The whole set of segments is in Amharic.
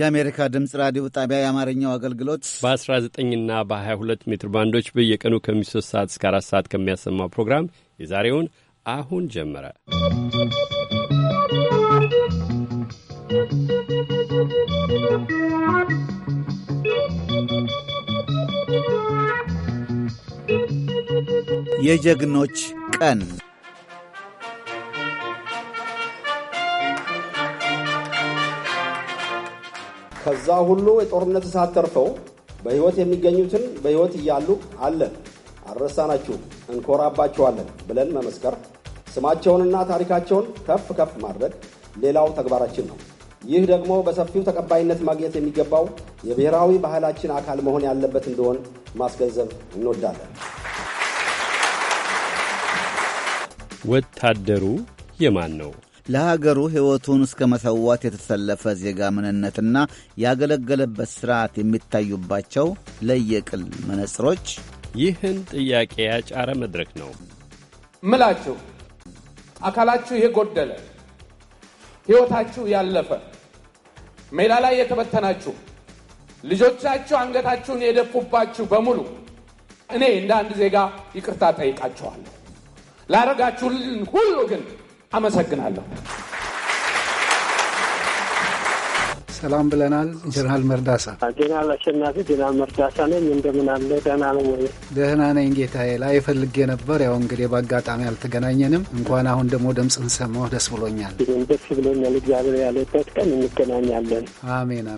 የአሜሪካ ድምፅ ራዲዮ ጣቢያ የአማርኛው አገልግሎት በ19 ና በ22 ሜትር ባንዶች በየቀኑ ከ3 ሰዓት እስከ 4 ሰዓት ከሚያሰማው ፕሮግራም የዛሬውን አሁን ጀመረ። የጀግኖች ቀን ከዛ ሁሉ የጦርነት እሳት ተርፈው በሕይወት የሚገኙትን በሕይወት እያሉ አለን፣ አልረሳናችሁም፣ እንኮራባችኋለን ብለን መመስከር፣ ስማቸውንና ታሪካቸውን ከፍ ከፍ ማድረግ ሌላው ተግባራችን ነው። ይህ ደግሞ በሰፊው ተቀባይነት ማግኘት የሚገባው የብሔራዊ ባህላችን አካል መሆን ያለበት እንደሆን ማስገንዘብ እንወዳለን። ወታደሩ የማን ነው? ለሀገሩ ሕይወቱን እስከ መሰዋት የተሰለፈ ዜጋ ምንነትና ያገለገለበት ሥርዓት የሚታዩባቸው ለየቅል መነጽሮች ይህን ጥያቄ ያጫረ መድረክ ነው። ምላችሁ አካላችሁ የጎደለ ሕይወታችሁ ያለፈ ሜዳ ላይ የተበተናችሁ ልጆቻችሁ አንገታችሁን የደፉባችሁ በሙሉ እኔ እንደ አንድ ዜጋ ይቅርታ ጠይቃችኋለሁ። ላደረጋችሁልን ሁሉ ግን አመሰግናለሁ። ሰላም ብለናል። ጀነራል መርዳሳ ጀነራል አሸናፊ ጀነራል መርዳሳ ነኝ። እንደምን አለ? ደህና ነው ወይ? ደህና ነኝ ጌታዬ። ላይ ፈልጌ ነበር። ያው እንግዲህ በአጋጣሚ አልተገናኘንም። እንኳን አሁን ደግሞ ድምፅህን ሰማሁ፣ ደስ ብሎኛል። ደስ ብሎኛል። እግዚአብሔር ያለበት ቀን እንገናኛለን። አሜን።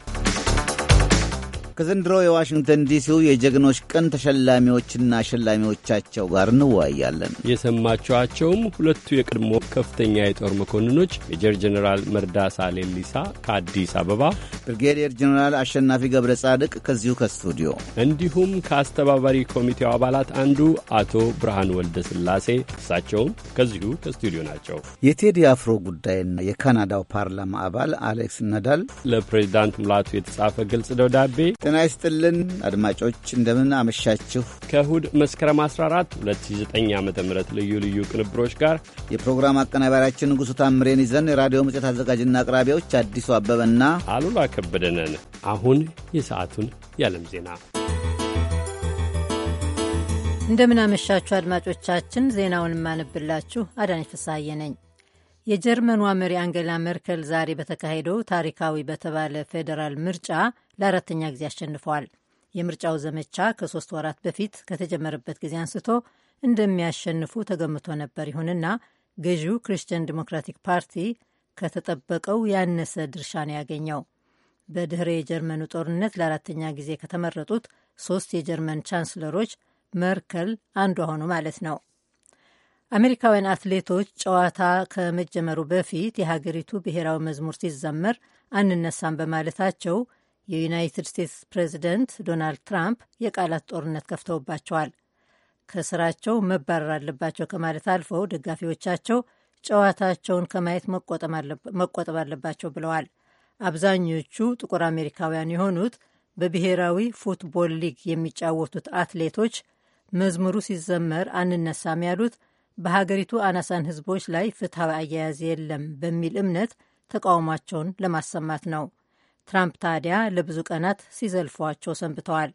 ከዘንድሮ የዋሽንግተን ዲሲው የጀግኖች ቀን ተሸላሚዎችና አሸላሚዎቻቸው ጋር እንወያያለን። የሰማችኋቸውም ሁለቱ የቀድሞ ከፍተኛ የጦር መኮንኖች ሜጀር ጀኔራል መርዳሳ ሌሊሳ ከአዲስ አበባ፣ ብርጌዲየር ጀኔራል አሸናፊ ገብረ ጻድቅ ከዚሁ ከስቱዲዮ እንዲሁም ከአስተባባሪ ኮሚቴው አባላት አንዱ አቶ ብርሃን ወልደ ስላሴ እሳቸውም ከዚሁ ከስቱዲዮ ናቸው። የቴዲ አፍሮ ጉዳይና የካናዳው ፓርላማ አባል አሌክስ ነዳል ለፕሬዚዳንት ሙላቱ የተጻፈ ግልጽ ደብዳቤ ጤና ይስጥልን አድማጮች፣ እንደምን አመሻችሁ። ከእሁድ መስከረም 14 2009 ዓ ም ልዩ ልዩ ቅንብሮች ጋር የፕሮግራም አቀናባሪያችን ንጉሡ ታምሬን ይዘን የራዲዮ መጽሔት አዘጋጅና አቅራቢዎች አዲሱ አበበና አሉላ ከበደነን። አሁን የሰዓቱን የዓለም ዜና። እንደምን አመሻችሁ አድማጮቻችን። ዜናውን የማነብላችሁ አዳነች ፍስሐዬ ነኝ። የጀርመኗ መሪ አንገላ ሜርከል ዛሬ በተካሄደው ታሪካዊ በተባለ ፌዴራል ምርጫ ለአራተኛ ጊዜ አሸንፈዋል። የምርጫው ዘመቻ ከሶስት ወራት በፊት ከተጀመረበት ጊዜ አንስቶ እንደሚያሸንፉ ተገምቶ ነበር። ይሁንና ገዢው ክርስቲያን ዲሞክራቲክ ፓርቲ ከተጠበቀው ያነሰ ድርሻ ነው ያገኘው። በድኅረ የጀርመኑ ጦርነት ለአራተኛ ጊዜ ከተመረጡት ሶስት የጀርመን ቻንስለሮች መርከል አንዷ ሆኑ ማለት ነው። አሜሪካውያን አትሌቶች ጨዋታ ከመጀመሩ በፊት የሀገሪቱ ብሔራዊ መዝሙር ሲዘመር አንነሳም በማለታቸው የዩናይትድ ስቴትስ ፕሬዚደንት ዶናልድ ትራምፕ የቃላት ጦርነት ከፍተውባቸዋል። ከስራቸው መባረር አለባቸው ከማለት አልፈው ደጋፊዎቻቸው ጨዋታቸውን ከማየት መቆጠብ አለባቸው ብለዋል። አብዛኞቹ ጥቁር አሜሪካውያን የሆኑት በብሔራዊ ፉትቦል ሊግ የሚጫወቱት አትሌቶች መዝሙሩ ሲዘመር አንነሳም ያሉት በሀገሪቱ አናሳን ህዝቦች ላይ ፍትሐዊ አያያዝ የለም በሚል እምነት ተቃውሟቸውን ለማሰማት ነው። ትራምፕ ታዲያ ለብዙ ቀናት ሲዘልፏቸው ሰንብተዋል።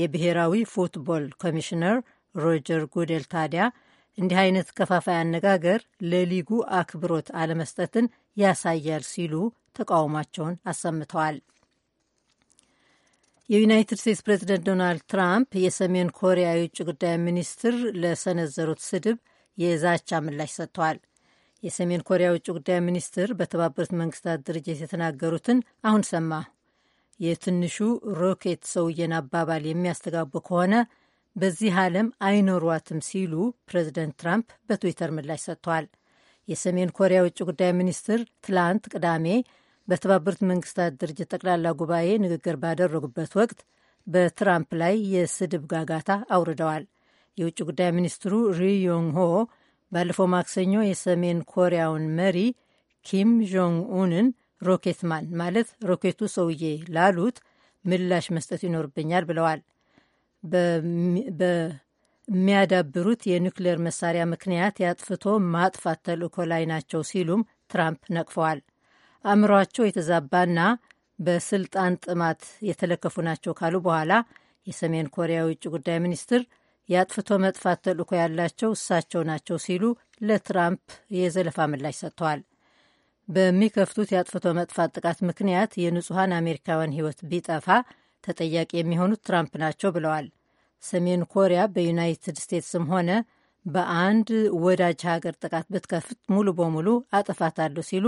የብሔራዊ ፉትቦል ኮሚሽነር ሮጀር ጉዴል ታዲያ እንዲህ አይነት ከፋፋይ አነጋገር ለሊጉ አክብሮት አለመስጠትን ያሳያል ሲሉ ተቃውሟቸውን አሰምተዋል። የዩናይትድ ስቴትስ ፕሬዚደንት ዶናልድ ትራምፕ የሰሜን ኮሪያ የውጭ ጉዳይ ሚኒስትር ለሰነዘሩት ስድብ የዛቻ ምላሽ ሰጥተዋል። የሰሜን ኮሪያ ውጭ ጉዳይ ሚኒስትር በተባበሩት መንግስታት ድርጅት የተናገሩትን አሁን ሰማ። የትንሹ ሮኬት ሰውዬን አባባል የሚያስተጋቡ ከሆነ በዚህ ዓለም አይኖሯትም ሲሉ ፕሬዚደንት ትራምፕ በትዊተር ምላሽ ሰጥተዋል። የሰሜን ኮሪያ ውጭ ጉዳይ ሚኒስትር ትላንት ቅዳሜ በተባበሩት መንግስታት ድርጅት ጠቅላላ ጉባኤ ንግግር ባደረጉበት ወቅት በትራምፕ ላይ የስድብ ጋጋታ አውርደዋል። የውጭ ጉዳይ ሚኒስትሩ ሆ ባለፈው ማክሰኞ የሰሜን ኮሪያውን መሪ ኪም ጆንግ ኡንን ሮኬትማን ማለት ሮኬቱ ሰውዬ ላሉት ምላሽ መስጠት ይኖርብኛል ብለዋል። በሚያዳብሩት የኒውክሌር መሳሪያ ምክንያት የአጥፍቶ ማጥፋት ተልእኮ ላይ ናቸው ሲሉም ትራምፕ ነቅፈዋል። አእምሯቸው የተዛባና በስልጣን ጥማት የተለከፉ ናቸው ካሉ በኋላ የሰሜን ኮሪያ የውጭ ጉዳይ ሚኒስትር የአጥፍቶ መጥፋት ተልእኮ ያላቸው እሳቸው ናቸው ሲሉ ለትራምፕ የዘለፋ ምላሽ ሰጥተዋል። በሚከፍቱት የአጥፍቶ መጥፋት ጥቃት ምክንያት የንጹሐን አሜሪካውያን ሕይወት ቢጠፋ ተጠያቂ የሚሆኑት ትራምፕ ናቸው ብለዋል። ሰሜን ኮሪያ በዩናይትድ ስቴትስም ሆነ በአንድ ወዳጅ ሀገር ጥቃት ብትከፍት ሙሉ በሙሉ አጠፋታለሁ ሲሉ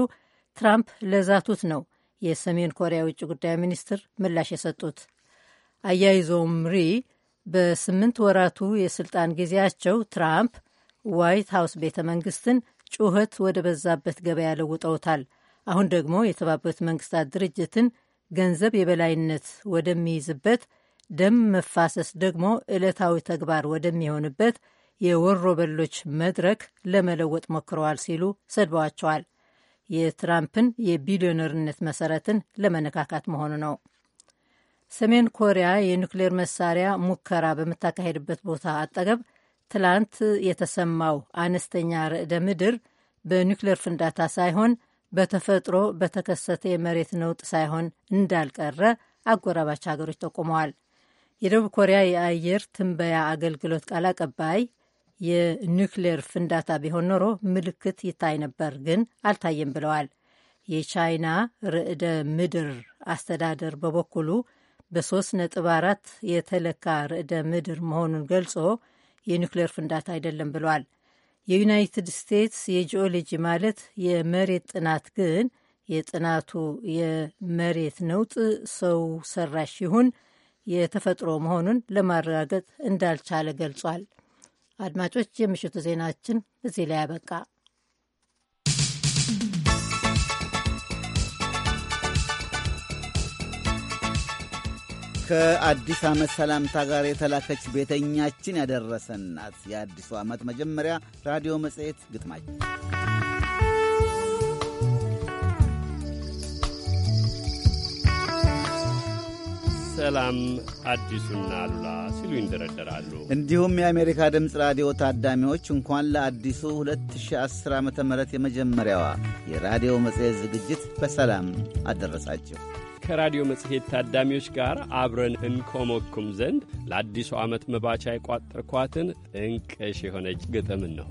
ትራምፕ ለዛቱት ነው የሰሜን ኮሪያ የውጭ ጉዳይ ሚኒስትር ምላሽ የሰጡት። አያይዘውም ሪ በስምንት ወራቱ የስልጣን ጊዜያቸው ትራምፕ ዋይት ሀውስ ቤተ መንግስትን ጩኸት ወደ በዛበት ገበያ ለውጠውታል። አሁን ደግሞ የተባበሩት መንግስታት ድርጅትን ገንዘብ የበላይነት ወደሚይዝበት፣ ደም መፋሰስ ደግሞ ዕለታዊ ተግባር ወደሚሆንበት የወሮ በሎች መድረክ ለመለወጥ ሞክረዋል ሲሉ ሰድበዋቸዋል። የትራምፕን የቢሊዮነርነት መሰረትን ለመነካካት መሆኑ ነው። ሰሜን ኮሪያ የኒውክሌር መሳሪያ ሙከራ በምታካሄድበት ቦታ አጠገብ ትላንት የተሰማው አነስተኛ ርዕደ ምድር በኒውክሌር ፍንዳታ ሳይሆን በተፈጥሮ በተከሰተ የመሬት ነውጥ ሳይሆን እንዳልቀረ አጎራባች ሀገሮች ጠቁመዋል። የደቡብ ኮሪያ የአየር ትንበያ አገልግሎት ቃል አቀባይ የኒውክሌር ፍንዳታ ቢሆን ኖሮ ምልክት ይታይ ነበር፣ ግን አልታየም ብለዋል። የቻይና ርዕደ ምድር አስተዳደር በበኩሉ በሶስት ነጥብ አራት የተለካ ርዕደ ምድር መሆኑን ገልጾ የኒውክሌር ፍንዳታ አይደለም ብሏል። የዩናይትድ ስቴትስ የጂኦሎጂ ማለት የመሬት ጥናት ግን የጥናቱ የመሬት ነውጥ ሰው ሰራሽ ይሁን የተፈጥሮ መሆኑን ለማረጋገጥ እንዳልቻለ ገልጿል። አድማጮች፣ የምሽቱ ዜናችን እዚህ ላይ ያበቃ። ከአዲስ ዓመት ሰላምታ ጋር የተላከች ቤተኛችን ያደረሰናት የአዲሱ ዓመት መጀመሪያ ራዲዮ መጽሔት ግጥማች ሰላም አዲሱና አሉላ ሲሉ ይንደረደራሉ። እንዲሁም የአሜሪካ ድምፅ ራዲዮ ታዳሚዎች እንኳን ለአዲሱ 2010 ዓ ም የመጀመሪያዋ የራዲዮ መጽሔት ዝግጅት በሰላም አደረሳችሁ። ከራዲዮ መጽሔት ታዳሚዎች ጋር አብረን እንኮመኩም ዘንድ ለአዲሱ ዓመት መባቻ የቋጠርኳትን እንቅሽ የሆነች ግጥም እንሆ።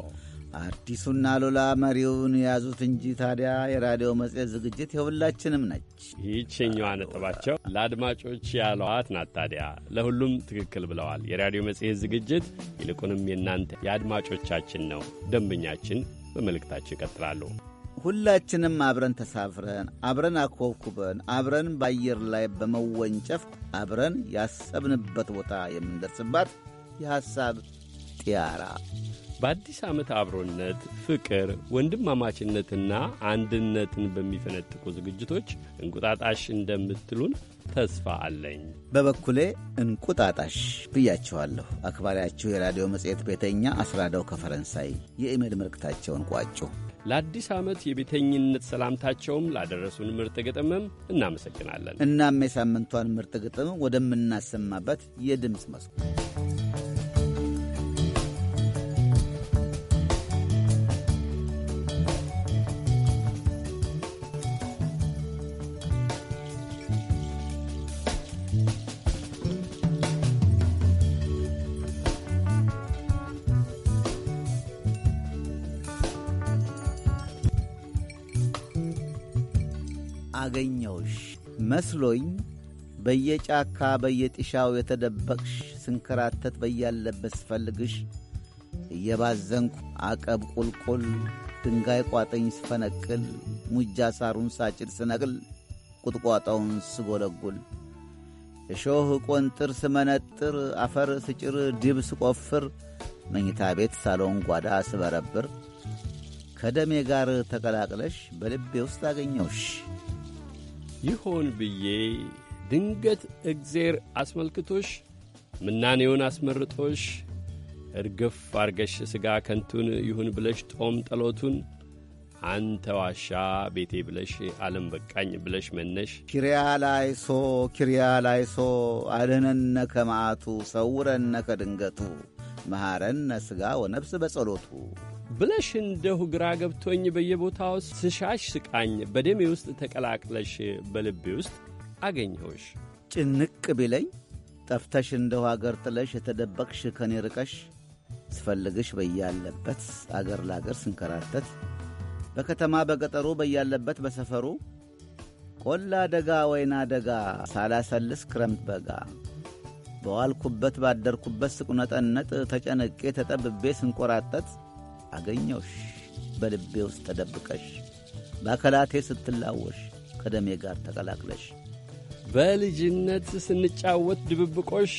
አዲሱና ሉላ መሪውን የያዙት እንጂ ታዲያ የራዲዮ መጽሔት ዝግጅት የሁላችንም ነች። ይህችኛዋ ነጥባቸው ለአድማጮች ያለዋት ናት። ታዲያ ለሁሉም ትክክል ብለዋል። የራዲዮ መጽሔት ዝግጅት ይልቁንም የእናንተ የአድማጮቻችን ነው፣ ደንበኛችን። በመልእክታቸው ይቀጥላሉ። ሁላችንም አብረን ተሳፍረን አብረን አኮብኩበን አብረን በአየር ላይ በመወንጨፍ አብረን ያሰብንበት ቦታ የምንደርስባት የሐሳብ ጥያራ በአዲስ ዓመት አብሮነት፣ ፍቅር፣ ወንድማማችነትና አንድነትን በሚፈነጥቁ ዝግጅቶች እንቁጣጣሽ እንደምትሉን ተስፋ አለኝ። በበኩሌ እንቁጣጣሽ ብያችኋለሁ። አክባሪያችሁ የራዲዮ መጽሔት ቤተኛ አስራዳው ከፈረንሳይ የኢሜል ምልክታቸውን ቋጩ። ለአዲስ ዓመት የቤተኝነት ሰላምታቸውም ላደረሱን ምርጥ ግጥምም እናመሰግናለን። እናም የሳምንቷን ምርጥ ግጥም ወደምናሰማበት የድምፅ መስኩ አገኘውሽ መስሎኝ በየጫካ በየጢሻው የተደበቅሽ ስንከራተት በያለበት ስፈልግሽ እየባዘንኩ አቀብ ቁልቁል ድንጋይ ቋጠኝ ስፈነቅል ሙጃ ሳሩን ሳጭድ ስነቅል ቁጥቋጣውን ስጎለጉል እሾህ ቆንጥር ስመነጥር አፈር ስጭር ድብ ስቆፍር መኝታ ቤት ሳሎን ጓዳ ስበረብር ከደሜ ጋር ተቀላቅለሽ በልቤ ውስጥ አገኘውሽ። ይሆን ብዬ ድንገት እግዜር አስመልክቶሽ ምናኔውን አስመርጦሽ እርግፍ አርገሽ ሥጋ ከንቱን ይሁን ብለሽ ጦም ጠሎቱን አንተ ዋሻ ቤቴ ብለሽ ዓለም በቃኝ ብለሽ መነሽ ኪርያ ሶ ኪርያ ሶ አድኅነነ ከመዓቱ ሰውረነ ከድንገቱ መሐረነ ሥጋ ወነፍስ በጸሎቱ ብለሽ እንደሁ ግራ ገብቶኝ በየቦታው ስሻሽ ስቃኝ በደሜ ውስጥ ተቀላቅለሽ በልቤ ውስጥ አገኘሁሽ። ጭንቅ ቢለኝ ጠፍተሽ እንደሁ አገር ጥለሽ የተደበቅሽ ከኔ ርቀሽ ስፈልግሽ በያለበት አገር ለአገር ስንከራተት በከተማ በገጠሩ በያለበት በሰፈሩ ቆላ ደጋ ወይና ደጋ ሳላሰልስ ክረምት በጋ በዋልኩበት ባደርኩበት ስቁነጠነጥ ተጨነቄ ተጠብቤ ስንቆራጠት አገኘውሽ በልቤ ውስጥ ተደብቀሽ በአካላቴ ስትላወሽ ከደሜ ጋር ተቀላቅለሽ በልጅነት ስንጫወት ድብብቆሽ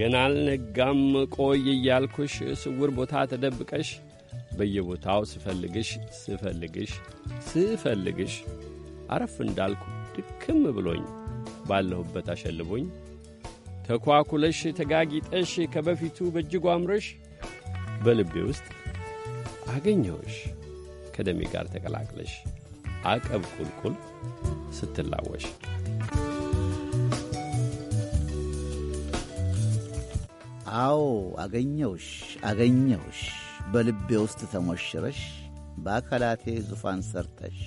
ገና አልነጋም ቆይ እያልኩሽ ስውር ቦታ ተደብቀሽ በየቦታው ስፈልግሽ ስፈልግሽ ስፈልግሽ አረፍ እንዳልኩ ድክም ብሎኝ ባለሁበት አሸልቦኝ ተኳኩለሽ ተጋጊጠሽ ከበፊቱ በእጅጉ አምረሽ በልቤ ውስጥ አገኘሁሽ ከደሜ ጋር ተቀላቅለሽ አቀብ ቁልቁል ስትላወሽ አዎ አገኘውሽ አገኘውሽ በልቤ ውስጥ ተሞሽረሽ በአካላቴ ዙፋን ሰርተሽ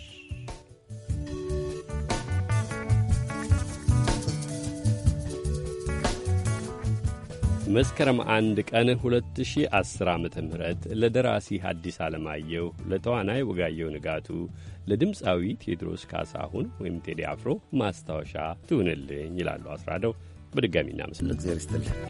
መስከረም አንድ ቀን 2010 ዓ ም ለደራሲ ሐዲስ ዓለማየሁ፣ ለተዋናይ ወጋየሁ ንጋቱ፣ ለድምፃዊ ቴድሮስ ካሳሁን ወይም ቴዲ አፍሮ ማስታወሻ ትሁንልኝ ይላሉ አስራደው። በድጋሚ እናመስል እግዚአብሔር ይስጥልን።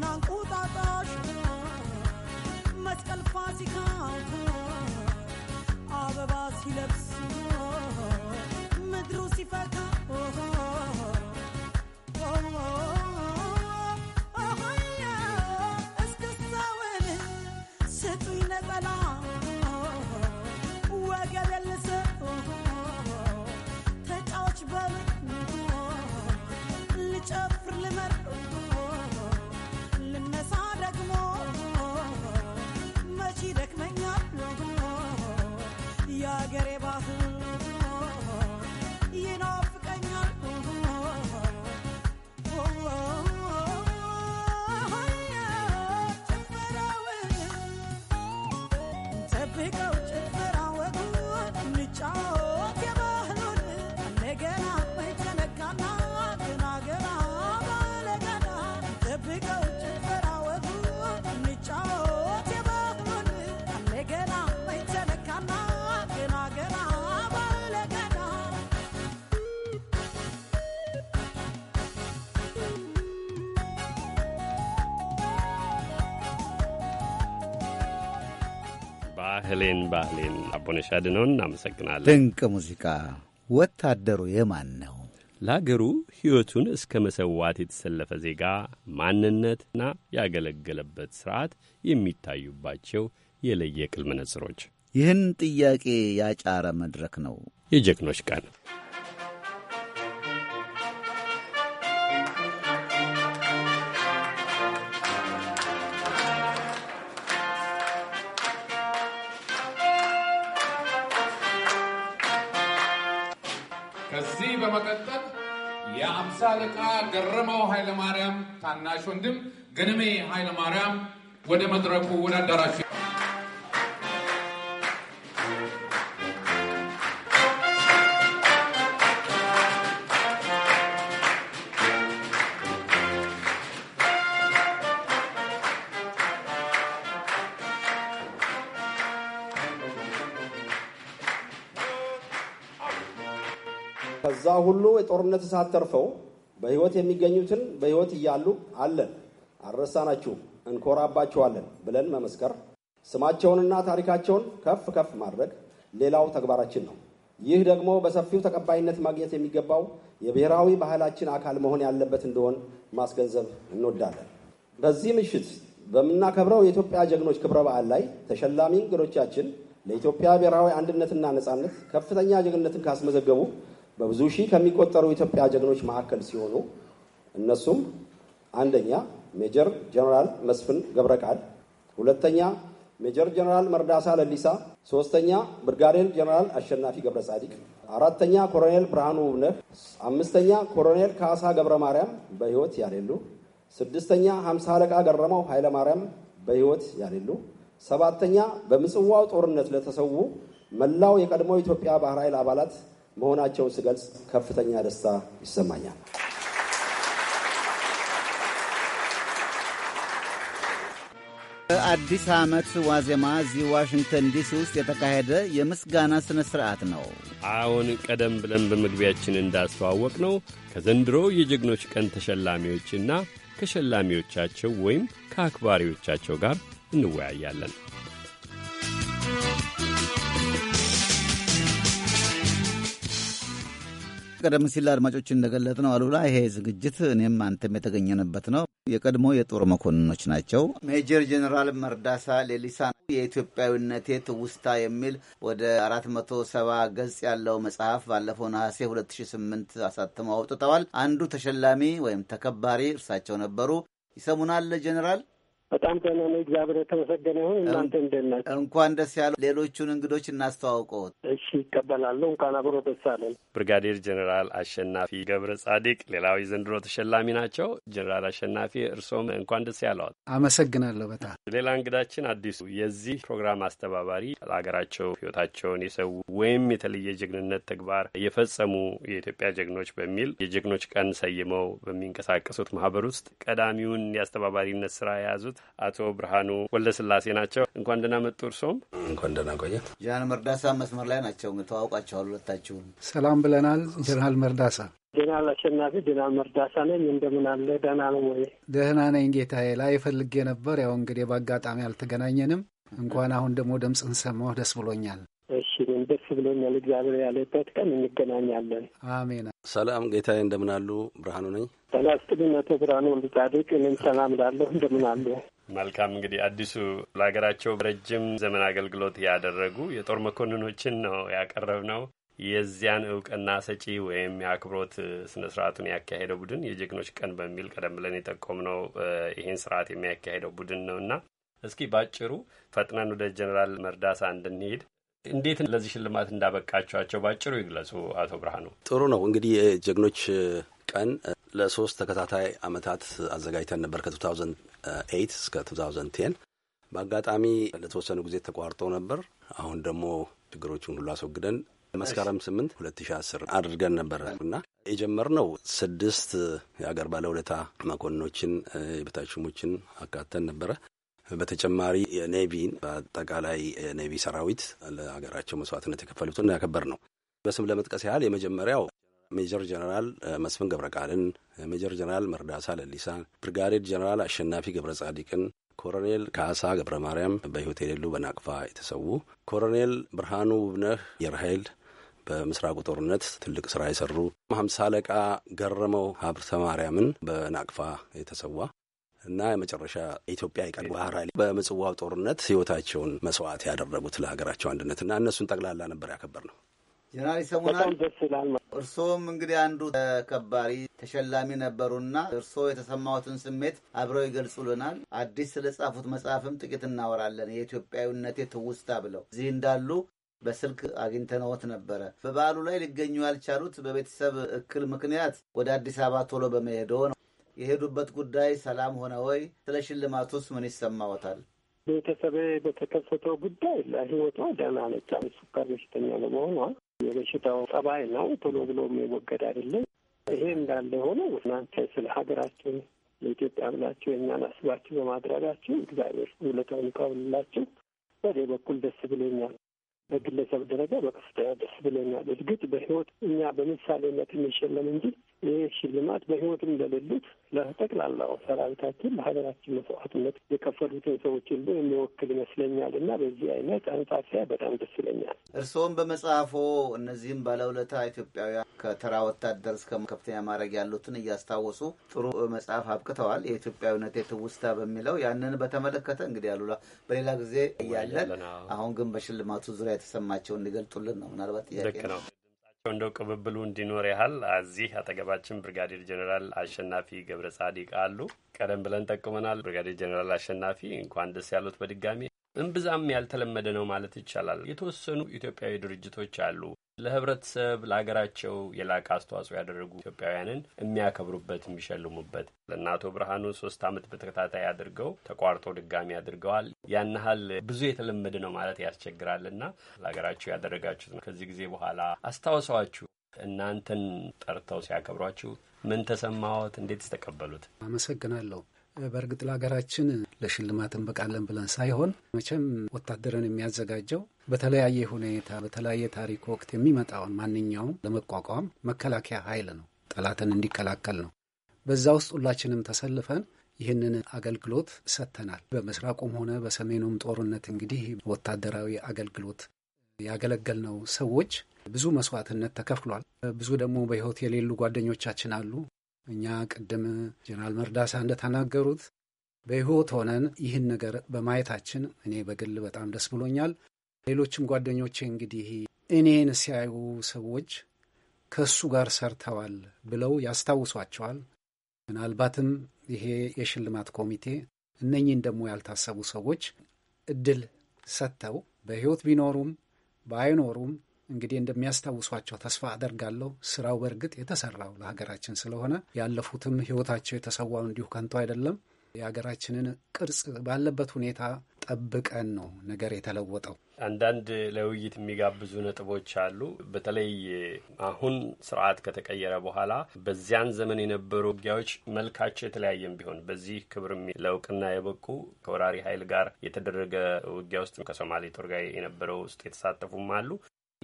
ገናና እንቁጣጣሽ መስቀል ፋሲካው አበባ ሲለብስ ምድሩ ሲፈካ ሄሌን ባህሌን አቦነሽ አድነውን እናመሰግናለን። ድንቅ ሙዚቃ። ወታደሩ የማን ነው? ለአገሩ ሕይወቱን እስከ መሰዋት የተሰለፈ ዜጋ ማንነትና ያገለገለበት ሥርዓት የሚታዩባቸው የለየ መነጽሮች። ይህን ጥያቄ ያጫረ መድረክ ነው የጀግኖች ቀን። ከዚህ በመቀጠል የአምሳ አለቃ ገረመው ኃይለማርያም ታናሽ ወንድም ገነሜ ኃይለማርያም ወደ መድረኩ ወደ አዳራሹ ጦርነት እሳት ተርፈው በህይወት የሚገኙትን በህይወት እያሉ አለን፣ አልረሳናችሁም፣ እንኮራባችኋለን ብለን መመስከር፣ ስማቸውንና ታሪካቸውን ከፍ ከፍ ማድረግ ሌላው ተግባራችን ነው። ይህ ደግሞ በሰፊው ተቀባይነት ማግኘት የሚገባው የብሔራዊ ባህላችን አካል መሆን ያለበት እንደሆን ማስገንዘብ እንወዳለን። በዚህ ምሽት በምናከብረው የኢትዮጵያ ጀግኖች ክብረ በዓል ላይ ተሸላሚ እንግዶቻችን ለኢትዮጵያ ብሔራዊ አንድነትና ነፃነት ከፍተኛ ጀግንነትን ካስመዘገቡ በብዙ ሺህ ከሚቆጠሩ ኢትዮጵያ ጀግኖች መካከል ሲሆኑ እነሱም አንደኛ ሜጀር ጀነራል መስፍን ገብረቃል፣ ሁለተኛ ሜጀር ጀነራል መርዳሳ ለሊሳ፣ ሶስተኛ ብርጋዴር ጀነራል አሸናፊ ገብረ ጻዲቅ፣ አራተኛ ኮሎኔል ብርሃኑ ውብነህ፣ አምስተኛ ኮሎኔል ካሳ ገብረ ማርያም በህይወት ያሌሉ፣ ስድስተኛ ሀምሳ አለቃ ገረመው ኃይለ ማርያም በህይወት ያሌሉ፣ ሰባተኛ በምጽዋው ጦርነት ለተሰዉ መላው የቀድሞ ኢትዮጵያ ባህር ኃይል አባላት መሆናቸውን ስገልጽ ከፍተኛ ደስታ ይሰማኛል። በአዲስ ዓመት ዋዜማ እዚህ ዋሽንግተን ዲሲ ውስጥ የተካሄደ የምስጋና ሥነ ሥርዓት ነው። አዎን፣ ቀደም ብለን በመግቢያችን እንዳስተዋወቅ ነው ከዘንድሮ የጀግኖች ቀን ተሸላሚዎችና ከሸላሚዎቻቸው ወይም ከአክባሪዎቻቸው ጋር እንወያያለን። ቀደም ሲል አድማጮች እንደገለጥ ነው አሉላ፣ ይሄ ዝግጅት እኔም አንተም የተገኘንበት ነው። የቀድሞ የጦር መኮንኖች ናቸው። ሜጀር ጀኔራል መርዳሳ ሌሊሳ የኢትዮጵያዊነቴ ትውስታ የሚል ወደ 47 ገጽ ያለው መጽሐፍ ባለፈው ነሐሴ 208 አሳትመው አውጥተዋል። አንዱ ተሸላሚ ወይም ተከባሪ እርሳቸው ነበሩ። ይሰሙናል ጀኔራል? በጣም ደህና ነው። እግዚአብሔር የተመሰገነ ይሁን። እናንተ እንደት ናችሁ? እንኳን ደስ ያለው። ሌሎቹን እንግዶች እናስተዋውቀዎት። እሺ፣ ይቀበላለሁ። እንኳን አብሮ ደስ አለን። ብርጋዴር ጀኔራል አሸናፊ ገብረ ጻዲቅ ሌላዊ ዘንድሮ ተሸላሚ ናቸው። ጀኔራል አሸናፊ እርስዎም እንኳን ደስ ያለዎት። አመሰግናለሁ። በጣም ሌላ እንግዳችን አዲሱ የዚህ ፕሮግራም አስተባባሪ ለሀገራቸው ህይወታቸውን የሰው ወይም የተለየ ጀግንነት ተግባር የፈጸሙ የኢትዮጵያ ጀግኖች በሚል የጀግኖች ቀን ሰይመው በሚንቀሳቀሱት ማህበር ውስጥ ቀዳሚውን የአስተባባሪነት ስራ የያዙት አቶ ብርሃኑ ወልደስላሴ ናቸው። እንኳን ደህና መጡ። እርስዎም እንኳን ደህና ቆየ። ጀነራል መርዳሳ መስመር ላይ ናቸው። ተዋውቃቸዋል። ሁለታችሁን ሰላም ብለናል። ጀነራል መርዳሳ ጀነራል አሸናፊ ጀነራል መርዳሳ ነኝ። እንደምን አለ? ደህና ነው ወይ? ደህና ነኝ ጌታዬ። ላይ ፈልጌ ነበር። ያው እንግዲህ በአጋጣሚ አልተገናኘንም። እንኳን አሁን ደግሞ ድምፅ እንሰማሁ ደስ ብሎኛል። እሺ እኔም ደስ ብሎኛል። እግዚአብሔር ያለበት ቀን እንገናኛለን። አሜን። ሰላም ጌታዬ፣ እንደምን አሉ? ብርሃኑ ነኝ። ጤና ይስጥልኝ አቶ ብርሃኑ ወልደጻድቅ። እኔም ሰላም እላለሁ። እንደምን አሉ? መልካም እንግዲህ አዲሱ ለሀገራቸው ረጅም ዘመን አገልግሎት ያደረጉ የጦር መኮንኖችን ነው ያቀረብ ነው የዚያን እውቅና ሰጪ ወይም የአክብሮት ስነ ስርዓቱን ያካሄደው ቡድን የጀግኖች ቀን በሚል ቀደም ብለን የጠቆም ነው ይህን ስርዓት የሚያካሄደው ቡድን ነው እና እስኪ ባጭሩ ፈጥነን ወደ ጀኔራል መርዳሳ እንድንሄድ እንዴት ለዚህ ሽልማት እንዳበቃቸዋቸው ባጭሩ ይግለጹ አቶ ብርሃኑ። ጥሩ ነው እንግዲህ የጀግኖች ቀን ለሶስት ተከታታይ አመታት አዘጋጅተን ነበር ከ2008 እስከ 2010 በአጋጣሚ ለተወሰኑ ጊዜ ተቋርጦ ነበር። አሁን ደግሞ ችግሮቹን ሁሉ አስወግደን መስከረም ስምንት ሁለት ሺ አስር አድርገን ነበረ እና የጀመርነው ስድስት የአገር ባለውለታ መኮንኖችን የበታች ሹሞችን አካተን ነበረ። በተጨማሪ የኔቪን በአጠቃላይ የኔቪ ሰራዊት ለሀገራቸው መስዋዕትነት የከፈሉትን ያከበር ነው። በስም ለመጥቀስ ያህል የመጀመሪያው ሜጀር ጀነራል መስፍን ገብረ ቃልን፣ ሜጀር ጀነራል መርዳሳ ለሊሳ ብርጋዴር ጀነራል አሸናፊ ገብረ ጻዲቅን፣ ኮሎኔል ካሳ ገብረ ማርያም በህይወት የሌሉ በናቅፋ የተሰዉ፣ ኮሎኔል ብርሃኑ ውብነህ አየር ኃይል በምስራቁ ጦርነት ትልቅ ስራ የሰሩ፣ ሀምሳ አለቃ ገረመው ሀብተ ማርያምን በናቅፋ የተሰዋ እና የመጨረሻ ኢትዮጵያ የቀን ባህር ኃይል በምጽዋው ጦርነት ህይወታቸውን መስዋዕት ያደረጉት ለሀገራቸው አንድነት እና እነሱን ጠቅላላ ነበር ያከበር ነው። ጀነራል ሰሙናል እርስዎም እንግዲህ አንዱ ተከባሪ ተሸላሚ ነበሩና እርስዎ የተሰማሁትን ስሜት አብረው ይገልጹልናል። አዲስ ስለጻፉት መጽሐፍም ጥቂት እናወራለን። የኢትዮጵያዊነት ትውስታ ብለው እዚህ እንዳሉ በስልክ አግኝተነዎት ነበረ። በበዓሉ ላይ ሊገኙ ያልቻሉት በቤተሰብ እክል ምክንያት ወደ አዲስ አበባ ቶሎ በመሄደው ነው። የሄዱበት ጉዳይ ሰላም ሆነ ወይ? ስለ ሽልማቱስ ምን ይሰማዎታል? ቤተሰቤ በተከሰተው ጉዳይ ለህይወቷ ደህና ነች። ስኳር በሽተኛ ለመሆኗ የበሽታው ጠባይ ነው። ቶሎ ብሎ የሚወገድ አይደለም። ይሄ እንዳለ ሆኖ እናንተ ስለ ሀገራችን ለኢትዮጵያ ብላችሁ የእኛን አስባችሁ በማድረጋችሁ እግዚአብሔር ውለታውን ይካውልላችሁ። በእኔ በኩል ደስ ብሎኛል። በግለሰብ ደረጃ በከፍተኛ ደስ ብሎኛል። እርግጥ በህይወት እኛ በምሳሌነት የሚሸለም እንጂ ይህ ሽልማት በህይወት እንደሌሉት ለጠቅላላው ሰራዊታችን ለሀገራችን መስዋዕትነት የከፈሉትን ሰዎች ሁሉ የሚወክል ይመስለኛል እና በዚህ አይነት አንጻር ሲያ በጣም ደስ ይለኛል። እርስዎም በመጽሐፎ እነዚህም ባለውለታ ኢትዮጵያውያን ከተራ ወታደር እስከ ከፍተኛ ማድረግ ያሉትን እያስታወሱ ጥሩ መጽሐፍ አብቅተዋል። የኢትዮጵያዊነት የትውስታ በሚለው ያንን በተመለከተ እንግዲህ አሉላ በሌላ ጊዜ እያለን አሁን ግን በሽልማቱ ዙሪያ የተሰማቸውን ሊገልጡልን ነው ምናልባት ጥያቄ ነው። እንደው ቅብብሉ እንዲኖር ያህል እዚህ አጠገባችን ብርጋዴር ጀኔራል አሸናፊ ገብረ ጻዲቅ አሉ። ቀደም ብለን ጠቁመናል። ብርጋዴር ጀኔራል አሸናፊ እንኳን ደስ ያሉት በድጋሚ እምብዛም ያልተለመደ ነው ማለት ይቻላል። የተወሰኑ ኢትዮጵያዊ ድርጅቶች አሉ ለህብረተሰብ ለሀገራቸው የላቀ አስተዋጽኦ ያደረጉ ኢትዮጵያውያንን የሚያከብሩበት የሚሸልሙበት ለእነ ብርሃኑ ሶስት ዓመት በተከታታይ አድርገው ተቋርጦ ድጋሚ አድርገዋል። ያን ያህል ብዙ የተለመደ ነው ማለት ያስቸግራልና ለሀገራቸው ያደረጋችሁት ነው። ከዚህ ጊዜ በኋላ አስታውሰዋችሁ እናንተን ጠርተው ሲያከብሯችሁ ምን ተሰማዎት? እንዴት ተቀበሉት? አመሰግናለሁ። በእርግጥ ለሀገራችን ለሽልማት እንበቃለን ብለን ሳይሆን መቼም ወታደርን የሚያዘጋጀው በተለያየ ሁኔታ በተለያየ ታሪክ ወቅት የሚመጣውን ማንኛውም ለመቋቋም መከላከያ ኃይል ነው፣ ጠላትን እንዲከላከል ነው። በዛ ውስጥ ሁላችንም ተሰልፈን ይህንን አገልግሎት ሰጥተናል። በምስራቁም ሆነ በሰሜኑም ጦርነት እንግዲህ ወታደራዊ አገልግሎት ያገለገልነው ሰዎች ብዙ መስዋዕትነት ተከፍሏል። ብዙ ደግሞ በሕይወት የሌሉ ጓደኞቻችን አሉ። እኛ ቅድም ጀነራል መርዳሳ እንደተናገሩት በሕይወት ሆነን ይህን ነገር በማየታችን እኔ በግል በጣም ደስ ብሎኛል። ሌሎችም ጓደኞቼ እንግዲህ እኔን ሲያዩ ሰዎች ከእሱ ጋር ሰርተዋል ብለው ያስታውሷቸዋል። ምናልባትም ይሄ የሽልማት ኮሚቴ እነኚህን ደግሞ ያልታሰቡ ሰዎች እድል ሰጥተው በሕይወት ቢኖሩም ባይኖሩም እንግዲህ እንደሚያስታውሷቸው ተስፋ አደርጋለሁ። ስራው በእርግጥ የተሰራው ለሀገራችን ስለሆነ ያለፉትም ሕይወታቸው የተሰዋው እንዲሁ ከንቱ አይደለም። የሀገራችንን ቅርጽ ባለበት ሁኔታ ጠብቀን ነው ነገር የተለወጠው። አንዳንድ ለውይይት የሚጋብዙ ነጥቦች አሉ። በተለይ አሁን ስርዓት ከተቀየረ በኋላ በዚያን ዘመን የነበሩ ውጊያዎች መልካቸው የተለያየም ቢሆን በዚህ ክብር ለእውቅና የበቁ ከወራሪ ኃይል ጋር የተደረገ ውጊያ ውስጥ ከሶማሌ ጦር ጋር የነበረው ውስጥ የተሳተፉም አሉ።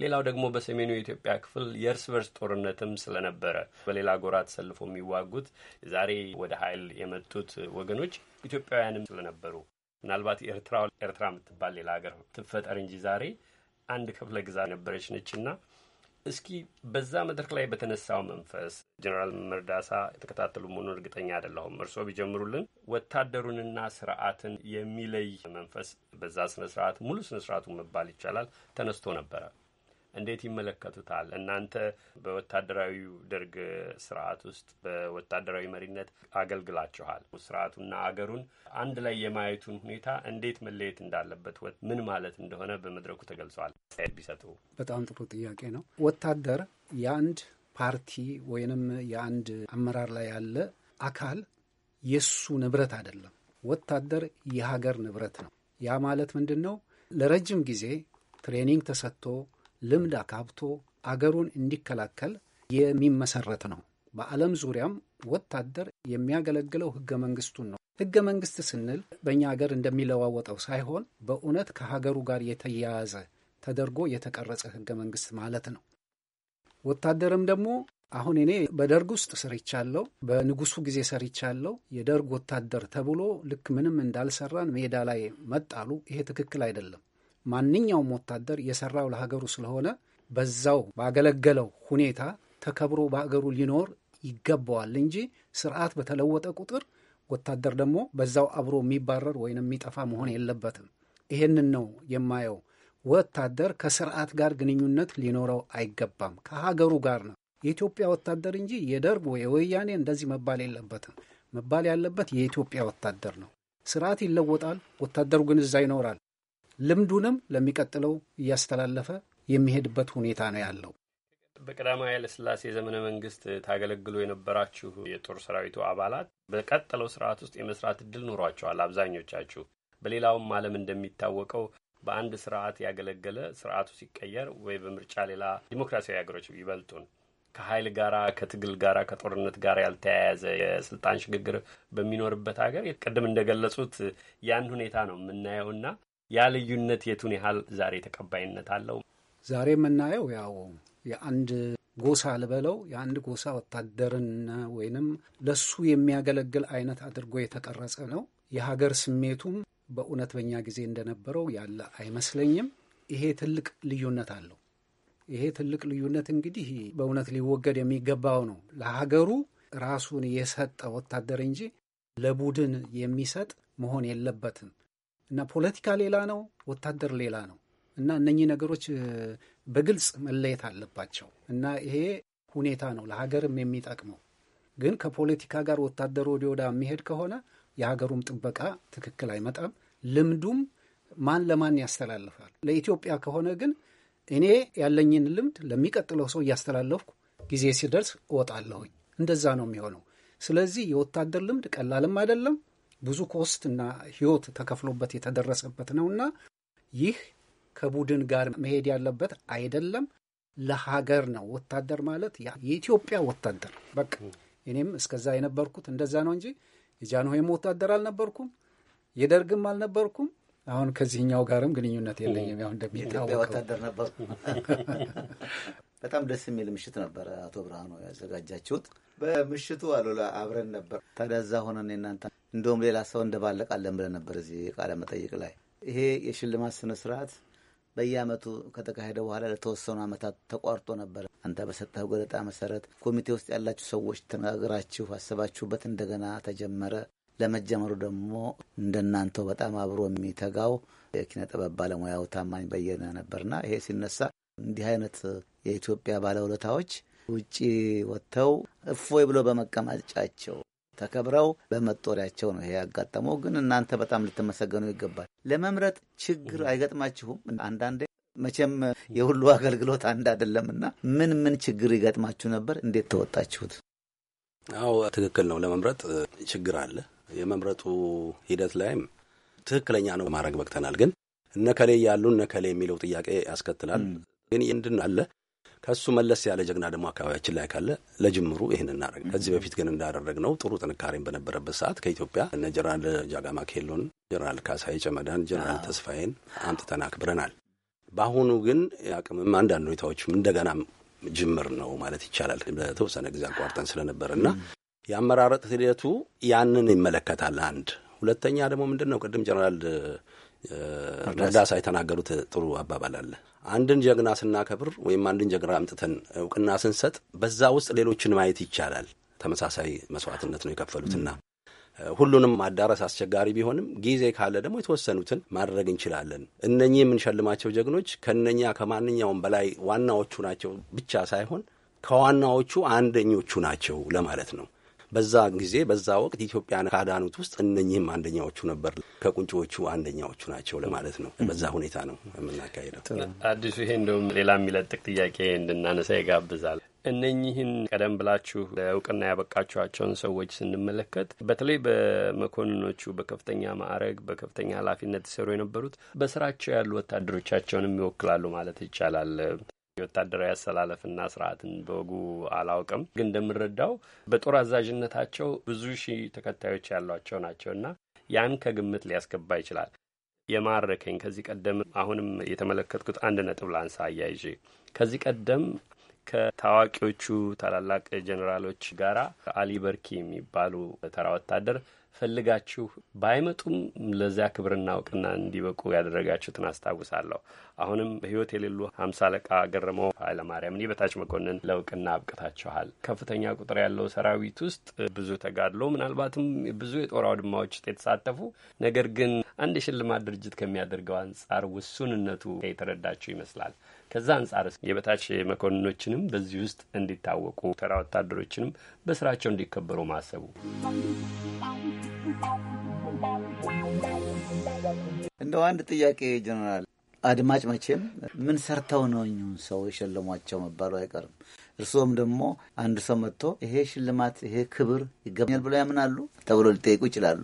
ሌላው ደግሞ በሰሜኑ የኢትዮጵያ ክፍል የእርስ በርስ ጦርነትም ስለነበረ በሌላ ጎራ ተሰልፎ የሚዋጉት ዛሬ ወደ ኃይል የመጡት ወገኖች ኢትዮጵያውያንም ስለነበሩ ምናልባት ኤርትራ ኤርትራ የምትባል ሌላ ሀገር ትፈጠር እንጂ ዛሬ አንድ ክፍለ ግዛ ነበረች ነችና እስኪ በዛ መድረክ ላይ በተነሳው መንፈስ ጀኔራል መርዳሳ የተከታተሉ መሆኑን እርግጠኛ አይደለሁም። እርስዎ ቢጀምሩልን። ወታደሩንና ስርዓትን የሚለይ መንፈስ በዛ ስነ ስርዓት ሙሉ ስነ ስርዓቱ መባል ይቻላል ተነስቶ ነበረ። እንዴት ይመለከቱታል? እናንተ በወታደራዊ ደርግ ስርዓት ውስጥ በወታደራዊ መሪነት አገልግላችኋል። ስርዓቱና አገሩን አንድ ላይ የማየቱን ሁኔታ እንዴት መለየት እንዳለበት ምን ማለት እንደሆነ በመድረኩ ተገልጿል። ቢሰጡ በጣም ጥሩ ጥያቄ ነው። ወታደር የአንድ ፓርቲ ወይንም የአንድ አመራር ላይ ያለ አካል የሱ ንብረት አይደለም። ወታደር የሀገር ንብረት ነው። ያ ማለት ምንድን ነው? ለረጅም ጊዜ ትሬኒንግ ተሰጥቶ ልምድ አካብቶ አገሩን እንዲከላከል የሚመሰረት ነው። በዓለም ዙሪያም ወታደር የሚያገለግለው ህገ መንግስቱን ነው። ህገ መንግስት ስንል በእኛ ሀገር እንደሚለዋወጠው ሳይሆን በእውነት ከሀገሩ ጋር የተያያዘ ተደርጎ የተቀረጸ ህገ መንግስት ማለት ነው። ወታደርም ደግሞ አሁን እኔ በደርግ ውስጥ ሰርቻለሁ፣ በንጉሱ ጊዜ ሰርቻለሁ። የደርግ ወታደር ተብሎ ልክ ምንም እንዳልሰራን ሜዳ ላይ መጣሉ ይሄ ትክክል አይደለም። ማንኛውም ወታደር የሰራው ለሀገሩ ስለሆነ በዛው ባገለገለው ሁኔታ ተከብሮ በሀገሩ ሊኖር ይገባዋል እንጂ ስርዓት በተለወጠ ቁጥር ወታደር ደግሞ በዛው አብሮ የሚባረር ወይም የሚጠፋ መሆን የለበትም። ይሄንን ነው የማየው። ወታደር ከስርዓት ጋር ግንኙነት ሊኖረው አይገባም። ከሀገሩ ጋር ነው የኢትዮጵያ ወታደር እንጂ የደርግ የወያኔ እንደዚህ መባል የለበትም። መባል ያለበት የኢትዮጵያ ወታደር ነው። ስርዓት ይለወጣል፣ ወታደሩ ግን እዛ ይኖራል። ልምዱንም ለሚቀጥለው እያስተላለፈ የሚሄድበት ሁኔታ ነው ያለው። በቀዳማዊ ኃይለስላሴ ዘመነ መንግስት ታገለግሉ የነበራችሁ የጦር ሰራዊቱ አባላት በቀጠለው ስርዓት ውስጥ የመስራት እድል ኖሯቸዋል። አብዛኞቻችሁ በሌላውም ዓለም እንደሚታወቀው በአንድ ስርዓት ያገለገለ ስርዓቱ ሲቀየር ወይ በምርጫ ሌላ ዲሞክራሲያዊ ሀገሮች ይበልጡን ከኃይል ጋራ ከትግል ጋራ ከጦርነት ጋር ያልተያያዘ የስልጣን ሽግግር በሚኖርበት ሀገር ቅድም እንደገለጹት ያን ሁኔታ ነው የምናየውና ያ ልዩነት የቱን ያህል ዛሬ ተቀባይነት አለው? ዛሬ የምናየው ያው የአንድ ጎሳ ልበለው የአንድ ጎሳ ወታደርን ወይንም ለሱ የሚያገለግል አይነት አድርጎ የተቀረጸ ነው። የሀገር ስሜቱም በእውነት በኛ ጊዜ እንደነበረው ያለ አይመስለኝም። ይሄ ትልቅ ልዩነት አለው። ይሄ ትልቅ ልዩነት እንግዲህ በእውነት ሊወገድ የሚገባው ነው። ለሀገሩ ራሱን የሰጠ ወታደር እንጂ ለቡድን የሚሰጥ መሆን የለበትም። እና ፖለቲካ ሌላ ነው፣ ወታደር ሌላ ነው እና እነኚህ ነገሮች በግልጽ መለየት አለባቸው እና ይሄ ሁኔታ ነው ለሀገርም የሚጠቅመው። ግን ከፖለቲካ ጋር ወታደሩ ወደ ወዳ የሚሄድ ከሆነ የሀገሩም ጥበቃ ትክክል አይመጣም። ልምዱም ማን ለማን ያስተላልፋል? ለኢትዮጵያ ከሆነ ግን እኔ ያለኝን ልምድ ለሚቀጥለው ሰው እያስተላለፍኩ ጊዜ ሲደርስ እወጣለሁኝ። እንደዛ ነው የሚሆነው። ስለዚህ የወታደር ልምድ ቀላልም አይደለም። ብዙ ኮስት እና ህይወት ተከፍሎበት የተደረሰበት ነው እና ይህ ከቡድን ጋር መሄድ ያለበት አይደለም። ለሀገር ነው። ወታደር ማለት የኢትዮጵያ ወታደር በቃ እኔም እስከዛ የነበርኩት እንደዛ ነው እንጂ የጃንሆይም ወታደር አልነበርኩም፣ የደርግም አልነበርኩም። አሁን ከዚህኛው ጋርም ግንኙነት የለኝም። ያው እንደሚታወቀው ወታደር ነበርኩ። በጣም ደስ የሚል ምሽት ነበረ አቶ ብርሃኑ ያዘጋጃችሁት። በምሽቱ አሉላ አብረን ነበር። ታዲያ እዛ ሆነን የእናንተ እንደውም ሌላ ሰው እንደባለቃለን ብለን ነበር እዚህ ቃለ መጠይቅ ላይ። ይሄ የሽልማት ስነ ስርዓት በየአመቱ ከተካሄደ በኋላ ለተወሰኑ አመታት ተቋርጦ ነበር። አንተ በሰጠኸው ገለጣ መሰረት ኮሚቴ ውስጥ ያላችሁ ሰዎች ተነጋግራችሁ አስባችሁበት እንደገና ተጀመረ። ለመጀመሩ ደግሞ እንደናንተው በጣም አብሮ የሚተጋው የኪነ ጥበብ ባለሙያው ታማኝ በየነ ነበርና ይሄ ሲነሳ እንዲህ አይነት የኢትዮጵያ ባለውለታዎች ውጪ ወጥተው እፎይ ብሎ በመቀማጫቸው። ተከብረው በመጦሪያቸው ነው ይሄ ያጋጠመው። ግን እናንተ በጣም ልትመሰገኑ ይገባል። ለመምረጥ ችግር አይገጥማችሁም? አንዳንዴ መቼም የሁሉ አገልግሎት አንድ አይደለም እና ምን ምን ችግር ይገጥማችሁ ነበር? እንዴት ተወጣችሁት? አዎ ትክክል ነው። ለመምረጥ ችግር አለ። የመምረጡ ሂደት ላይም ትክክለኛ ነው ማድረግ በቅተናል። ግን እነከሌ ያሉ እነከሌ የሚለው ጥያቄ ያስከትላል። ግን እንድን አለ ከሱ መለስ ያለ ጀግና ደግሞ አካባቢያችን ላይ ካለ ለጅምሩ ይህን እናደረግ። ከዚህ በፊት ግን እንዳደረግ ነው ጥሩ ጥንካሬን በነበረበት ሰዓት ከኢትዮጵያ እነ ጀነራል ጃጋማ ኬሎን፣ ጀነራል ካሳይ ጨመዳን፣ ጀነራል ተስፋዬን አምጥተን አክብረናል። በአሁኑ ግን አቅምም አንዳንድ ሁኔታዎችም እንደገና ጅምር ነው ማለት ይቻላል። ለተወሰነ ጊዜ አቋርጠን ስለነበር እና የአመራረጥ ሂደቱ ያንን ይመለከታል። አንድ ሁለተኛ ደግሞ ምንድን ነው ቅድም ጀነራል ሳ የተናገሩት ጥሩ አባባል አለ። አንድን ጀግና ስናከብር ወይም አንድን ጀግና አምጥተን እውቅና ስንሰጥ በዛ ውስጥ ሌሎችን ማየት ይቻላል። ተመሳሳይ መስዋዕትነት ነው የከፈሉትና ሁሉንም ማዳረስ አስቸጋሪ ቢሆንም ጊዜ ካለ ደግሞ የተወሰኑትን ማድረግ እንችላለን። እነኚህ የምንሸልማቸው ጀግኖች ከነኛ ከማንኛውም በላይ ዋናዎቹ ናቸው ብቻ ሳይሆን ከዋናዎቹ አንደኞቹ ናቸው ለማለት ነው። በዛ ጊዜ በዛ ወቅት ኢትዮጵያን ካዳኑት ውስጥ እነኚህም አንደኛዎቹ ነበር። ከቁንጮዎቹ አንደኛዎቹ ናቸው ለማለት ነው። በዛ ሁኔታ ነው የምናካሄደው። አዲሱ ይሄ እንደውም ሌላ የሚለጥቅ ጥያቄ እንድናነሳ ይጋብዛል። እነኚህን ቀደም ብላችሁ ለእውቅና ያበቃችኋቸውን ሰዎች ስንመለከት በተለይ በመኮንኖቹ በከፍተኛ ማዕረግ በከፍተኛ ኃላፊነት ሲሰሩ የነበሩት በስራቸው ያሉ ወታደሮቻቸውንም ይወክላሉ ማለት ይቻላል። ወታደራዊ አሰላለፍና ስርዓትን በወጉ አላውቅም፣ ግን እንደምረዳው በጦር አዛዥነታቸው ብዙ ሺህ ተከታዮች ያሏቸው ናቸውና ያን ከግምት ሊያስገባ ይችላል። የማረከኝ ከዚህ ቀደም አሁንም የተመለከትኩት አንድ ነጥብ ላንሳ አያይዤ ከዚህ ቀደም ከታዋቂዎቹ ታላላቅ ጀኔራሎች ጋራ አሊ በርኪ የሚባሉ ተራ ወታደር ፈልጋችሁ ባይመጡም ለዚያ ክብርና እውቅና እንዲበቁ ያደረጋችሁትን አስታውሳለሁ። አሁንም በሕይወት የሌሉ ሀምሳ አለቃ ገረመው ኃይለማርያም በታች መኮንን ለእውቅና አብቅታችኋል። ከፍተኛ ቁጥር ያለው ሰራዊት ውስጥ ብዙ ተጋድሎ፣ ምናልባትም ብዙ የጦር አውድማዎች ውስጥ የተሳተፉ ነገር ግን አንድ የሽልማት ድርጅት ከሚያደርገው አንጻር ውሱንነቱ የተረዳችሁ ይመስላል። ከዛ አንጻር የበታች መኮንኖችንም በዚህ ውስጥ እንዲታወቁ ተራ ወታደሮችንም በስራቸው እንዲከበሩ ማሰቡ እንደው አንድ ጥያቄ ጀነራል፣ አድማጭ መቼም ምን ሰርተው ነው እኚሁን ሰው የሸለሟቸው መባሉ አይቀርም። እርስዎም ደግሞ አንድ ሰው መጥቶ ይሄ ሽልማት ይሄ ክብር ይገባኛል ብለው ያምናሉ ተብሎ ሊጠይቁ ይችላሉ።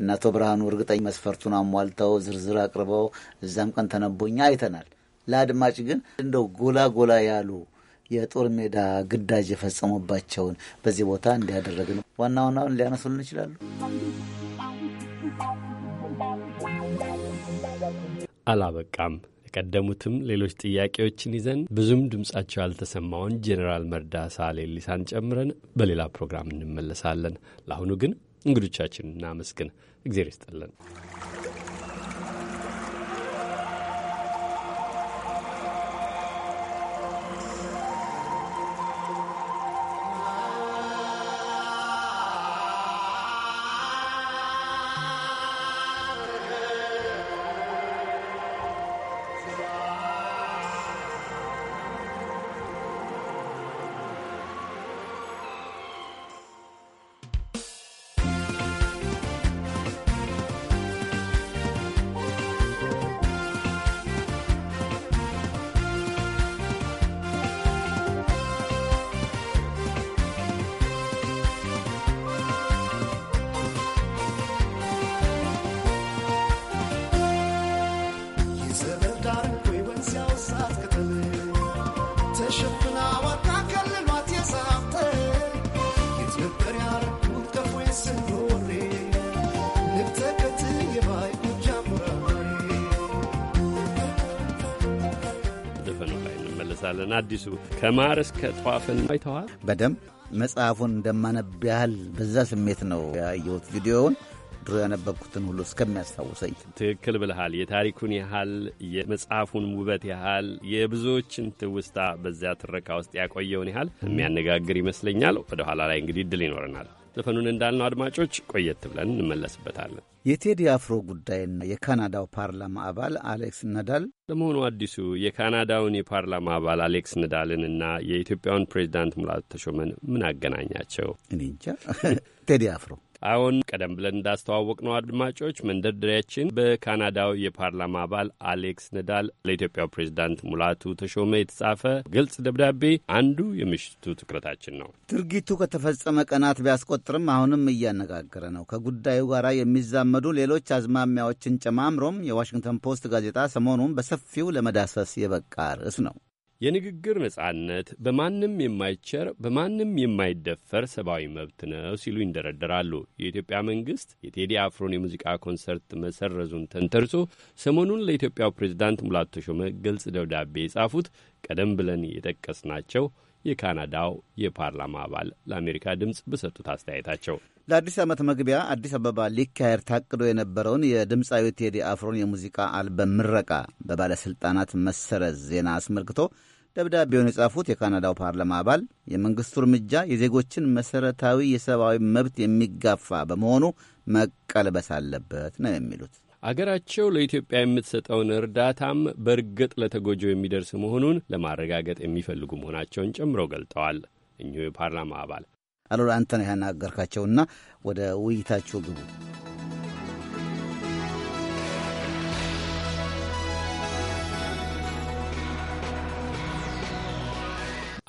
እና አቶ ብርሃኑ እርግጠኝ መስፈርቱን አሟልተው ዝርዝር አቅርበው እዛም ቀን ተነቦኛ አይተናል። ለአድማጭ ግን እንደው ጎላ ጎላ ያሉ የጦር ሜዳ ግዳጅ የፈጸሙባቸውን በዚህ ቦታ እንዲያደረግ ነው ዋና ዋናውን ሊያነሱልን ይችላሉ። አላበቃም። የቀደሙትም ሌሎች ጥያቄዎችን ይዘን ብዙም ድምጻቸው ያልተሰማውን ጄኔራል መርዳሳ ሌሊሳን ጨምረን በሌላ ፕሮግራም እንመለሳለን። ለአሁኑ ግን እንግዶቻችን እናመስግን። እግዜር ይስጠለን። አዲሱ ከማር እስከ ጧፍን አይተዋል በደንብ መጽሐፉን እንደማነብ ያህል በዛ ስሜት ነው ያየሁት ቪዲዮውን ድሮ ያነበብኩትን ሁሉ እስከሚያስታውሰኝ። ትክክል ብልሃል። የታሪኩን ያህል የመጽሐፉን ውበት ያህል የብዙዎችን ትውስታ በዚያ ትረካ ውስጥ ያቆየውን ያህል የሚያነጋግር ይመስለኛል። ወደ ኋላ ላይ እንግዲህ እድል ይኖረናል። ዘፈኑን እንዳልነው አድማጮች ቆየት ብለን እንመለስበታለን። የቴዲ አፍሮ ጉዳይና የካናዳው ፓርላማ አባል አሌክስ ነዳል። ለመሆኑ አዲሱ የካናዳውን የፓርላማ አባል አሌክስ ነዳልን እና የኢትዮጵያውን ፕሬዚዳንት ሙላቱ ተሾመን ምን አገናኛቸው? እኔ እንጃ። ቴዲ አፍሮ አሁን ቀደም ብለን እንዳስተዋወቅ ነው አድማጮች፣ መንደርደሪያችን በካናዳው የፓርላማ አባል አሌክስ ነዳል ለኢትዮጵያው ፕሬዚዳንት ሙላቱ ተሾመ የተጻፈ ግልጽ ደብዳቤ አንዱ የምሽቱ ትኩረታችን ነው። ድርጊቱ ከተፈጸመ ቀናት ቢያስቆጥርም አሁንም እያነጋገረ ነው። ከጉዳዩ ጋር የሚዛመዱ ሌሎች አዝማሚያዎችን ጨማምሮም የዋሽንግተን ፖስት ጋዜጣ ሰሞኑን በሰፊው ለመዳሰስ የበቃ ርዕስ ነው። የንግግር ነጻነት በማንም የማይቸር በማንም የማይደፈር ሰብአዊ መብት ነው ሲሉ ይንደረደራሉ። የኢትዮጵያ መንግስት የቴዲ አፍሮን የሙዚቃ ኮንሰርት መሰረዙን ተንተርሶ ሰሞኑን ለኢትዮጵያው ፕሬዚዳንት ሙላቱ ተሾመ ግልጽ ደብዳቤ የጻፉት ቀደም ብለን የጠቀስናቸው የካናዳው የፓርላማ አባል ለአሜሪካ ድምፅ በሰጡት አስተያየታቸው ለአዲስ ዓመት መግቢያ አዲስ አበባ ሊካሄድ ታቅዶ የነበረውን የድምፃዊ ቴዲ አፍሮን የሙዚቃ አልበም ምረቃ በባለሥልጣናት መሰረዝ ዜና አስመልክቶ ደብዳቤውን የጻፉት የካናዳው ፓርላማ አባል የመንግሥቱ እርምጃ የዜጎችን መሠረታዊ የሰብአዊ መብት የሚጋፋ በመሆኑ መቀልበስ አለበት ነው የሚሉት። አገራቸው ለኢትዮጵያ የምትሰጠውን እርዳታም በእርግጥ ለተጎጆ የሚደርስ መሆኑን ለማረጋገጥ የሚፈልጉ መሆናቸውን ጨምረው ገልጠዋል። እኚሁ የፓርላማ አባል አሉላ ነው ያናገርካቸውና ወደ ውይይታችሁ ግቡ።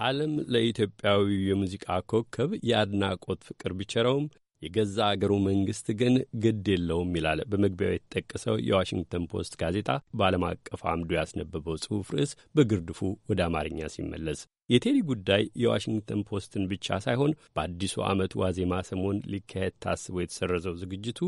ዓለም ለኢትዮጵያዊ የሙዚቃ ኮከብ የአድናቆት ፍቅር ቢቸረውም የገዛ አገሩ መንግስት ግን ግድ የለውም ይላል በመግቢያው የተጠቀሰው የዋሽንግተን ፖስት ጋዜጣ በዓለም አቀፍ አምዱ ያስነበበው ጽሑፍ ርዕስ በግርድፉ ወደ አማርኛ ሲመለስ። የቴዲ ጉዳይ የዋሽንግተን ፖስትን ብቻ ሳይሆን በአዲሱ ዓመት ዋዜማ ሰሞን ሊካሄድ ታስቦ የተሰረዘው ዝግጅቱ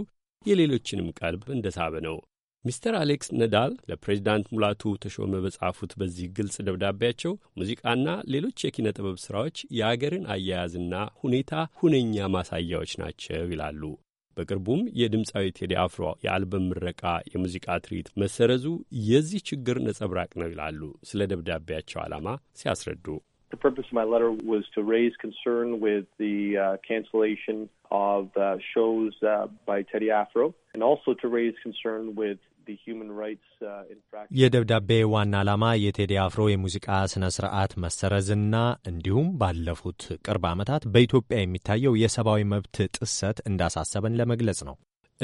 የሌሎችንም ቀልብ እንደሳበ ነው። ሚስተር አሌክስ ነዳል ለፕሬዚዳንት ሙላቱ ተሾመ በጻፉት በዚህ ግልጽ ደብዳቤያቸው ሙዚቃና ሌሎች የኪነ ጥበብ ሥራዎች የአገርን አያያዝና ሁኔታ ሁነኛ ማሳያዎች ናቸው ይላሉ። በቅርቡም የድምፃዊ ቴዲ አፍሮ የአልበም ምረቃ የሙዚቃ ትርኢት መሰረዙ የዚህ ችግር ነጸብራቅ ነው ይላሉ። ስለ ደብዳቤያቸው ዓላማ ሲያስረዱ The purpose of my letter was to raise concern with the uh, cancellation of uh, shows uh, by Teddy Afro and also to raise concern with uh, የደብዳቤ ዋና ዓላማ የቴዲ አፍሮ የሙዚቃ ሥነ ሥርዓት መሰረዝና እንዲሁም ባለፉት ቅርብ ዓመታት በኢትዮጵያ የሚታየው የሰብአዊ መብት ጥሰት እንዳሳሰበን ለመግለጽ ነው።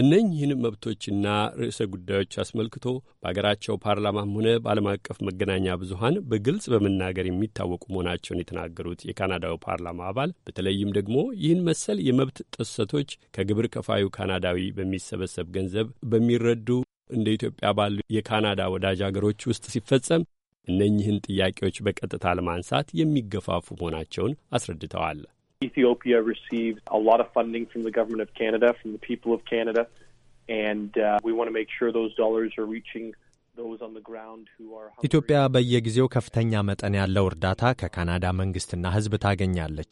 እነኚህን መብቶችና ርዕሰ ጉዳዮች አስመልክቶ በአገራቸው ፓርላማም ሆነ በዓለም አቀፍ መገናኛ ብዙሀን በግልጽ በመናገር የሚታወቁ መሆናቸውን የተናገሩት የካናዳው ፓርላማ አባል በተለይም ደግሞ ይህን መሰል የመብት ጥሰቶች ከግብር ከፋዩ ካናዳዊ በሚሰበሰብ ገንዘብ በሚረዱ እንደ ኢትዮጵያ ባሉ የካናዳ ወዳጅ አገሮች ውስጥ ሲፈጸም እነኚህን ጥያቄዎች በቀጥታ ለማንሳት የሚገፋፉ መሆናቸውን አስረድተዋል። Ethiopia receives a lot of funding from the government of Canada, from the people of Canada, and uh, we want to make sure those dollars are reaching ኢትዮጵያ በየጊዜው ከፍተኛ መጠን ያለው እርዳታ ከካናዳ መንግስትና ሕዝብ ታገኛለች።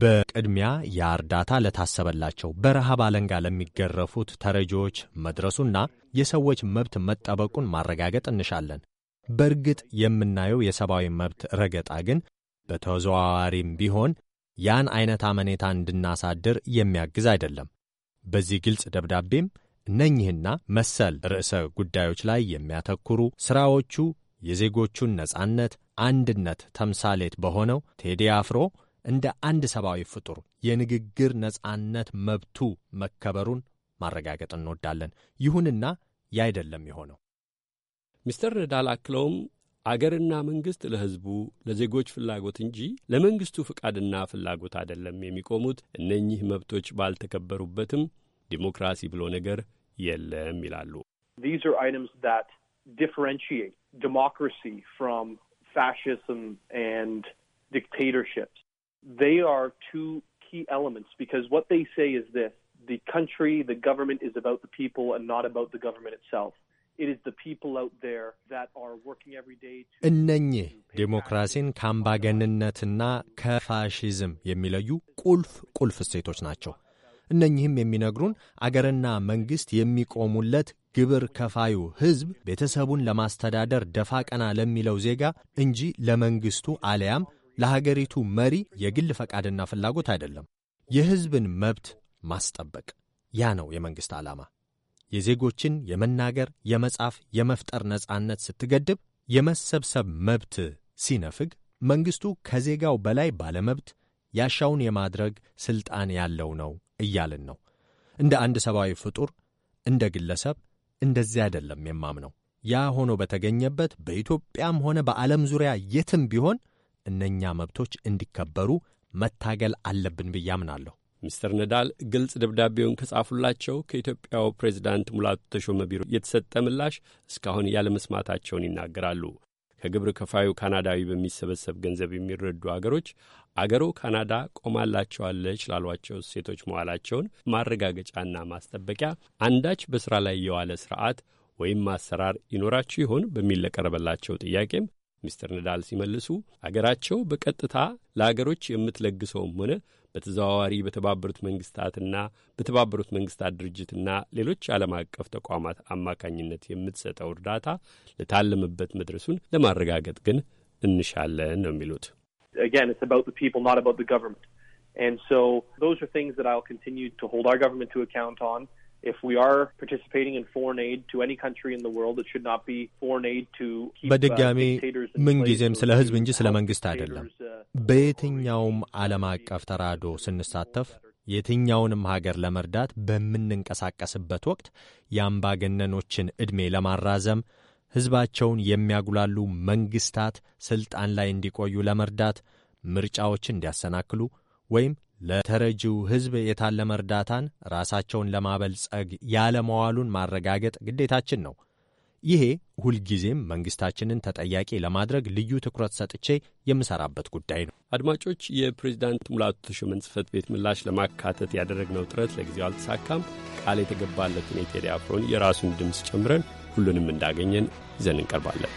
በቅድሚያ ያ እርዳታ ለታሰበላቸው በረሃብ አለንጋ ለሚገረፉት ተረጂዎች መድረሱና የሰዎች መብት መጠበቁን ማረጋገጥ እንሻለን። በእርግጥ የምናየው የሰብአዊ መብት ረገጣ ግን በተዘዋዋሪም ቢሆን ያን አይነት አመኔታ እንድናሳድር የሚያግዝ አይደለም። በዚህ ግልጽ ደብዳቤም እነኚህና መሰል ርዕሰ ጉዳዮች ላይ የሚያተኩሩ ሥራዎቹ የዜጎቹን ነጻነት፣ አንድነት ተምሳሌት በሆነው ቴዲ አፍሮ እንደ አንድ ሰብአዊ ፍጡር የንግግር ነጻነት መብቱ መከበሩን ማረጋገጥ እንወዳለን። ይሁንና አይደለም የሆነው። ሚስተር ዳል አክለውም አገርና መንግሥት ለሕዝቡ ለዜጎች ፍላጎት እንጂ ለመንግሥቱ ፍቃድና ፍላጎት አይደለም የሚቆሙት። እነኚህ መብቶች ባልተከበሩበትም ዲሞክራሲ ብሎ ነገር የለም ይላሉ። ዲሞክራሲ እነኚህ ዴሞክራሲን ከአምባገንነትና ከፋሽዝም የሚለዩ ቁልፍ ቁልፍ እሴቶች ናቸው። እነኚህም የሚነግሩን አገርና መንግሥት የሚቆሙለት ግብር ከፋዩ ሕዝብ ቤተሰቡን ለማስተዳደር ደፋ ቀና ለሚለው ዜጋ እንጂ ለመንግሥቱ አለያም ለሀገሪቱ መሪ የግል ፈቃድና ፍላጎት አይደለም። የሕዝብን መብት ማስጠበቅ ያ ነው የመንግሥት ዓላማ። የዜጎችን የመናገር፣ የመጻፍ፣ የመፍጠር ነጻነት ስትገድብ፣ የመሰብሰብ መብት ሲነፍግ፣ መንግሥቱ ከዜጋው በላይ ባለመብት ያሻውን የማድረግ ሥልጣን ያለው ነው እያልን ነው። እንደ አንድ ሰብአዊ ፍጡር፣ እንደ ግለሰብ እንደዚህ አይደለም የማምነው። ያ ሆኖ በተገኘበት በኢትዮጵያም ሆነ በዓለም ዙሪያ የትም ቢሆን እነኛ መብቶች እንዲከበሩ መታገል አለብን ብዬ አምናለሁ። ሚስተር ነዳል ግልጽ ደብዳቤውን ከጻፉላቸው ከኢትዮጵያው ፕሬዚዳንት ሙላቱ ተሾመ ቢሮ የተሰጠ ምላሽ እስካሁን ያለመስማታቸውን ይናገራሉ። ከግብር ከፋዩ ካናዳዊ በሚሰበሰብ ገንዘብ የሚረዱ አገሮች አገሩ ካናዳ ቆማላቸዋለች ላሏቸው ሴቶች መዋላቸውን ማረጋገጫና ማስጠበቂያ አንዳች በሥራ ላይ የዋለ ስርዓት ወይም አሰራር ይኖራችሁ ይሆን በሚል ለቀረበላቸው ጥያቄም ሚስተር ነዳል ሲመልሱ አገራቸው በቀጥታ ለአገሮች የምትለግሰውም ሆነ በተዘዋዋሪ በተባበሩት መንግስታትና በተባበሩት መንግስታት ድርጅትና ሌሎች ዓለም አቀፍ ተቋማት አማካኝነት የምትሰጠው እርዳታ ለታለመበት መድረሱን ለማረጋገጥ ግን እንሻለን ነው የሚሉት። And so those are things that I'll continue to hold our government to account on. if we are participating in foreign aid to any country in the world, it should not be foreign aid to keep uh, በድጋሚ ምንጊዜም ስለ ህዝብ እንጂ ስለ መንግስት አይደለም። uh, በየትኛውም ዓለም አቀፍ ተራድኦ ስንሳተፍ የትኛውንም ሀገር ለመርዳት በምንንቀሳቀስበት ወቅት የአምባገነኖችን ዕድሜ ለማራዘም ሕዝባቸውን የሚያጉላሉ መንግሥታት ሥልጣን ላይ እንዲቆዩ ለመርዳት ምርጫዎችን እንዲያሰናክሉ ወይም ለተረጂው ሕዝብ የታለመ እርዳታን ራሳቸውን ለማበልጸግ ያለመዋሉን ማረጋገጥ ግዴታችን ነው። ይሄ ሁልጊዜም መንግስታችንን ተጠያቂ ለማድረግ ልዩ ትኩረት ሰጥቼ የምሰራበት ጉዳይ ነው። አድማጮች፣ የፕሬዚዳንት ሙላቱ ተሾመን ጽህፈት ቤት ምላሽ ለማካተት ያደረግነው ጥረት ለጊዜው አልተሳካም። ቃል የተገባለትን የቴዲ አፍሮን የራሱን ድምፅ ጨምረን ሁሉንም እንዳገኘን ይዘን እንቀርባለን።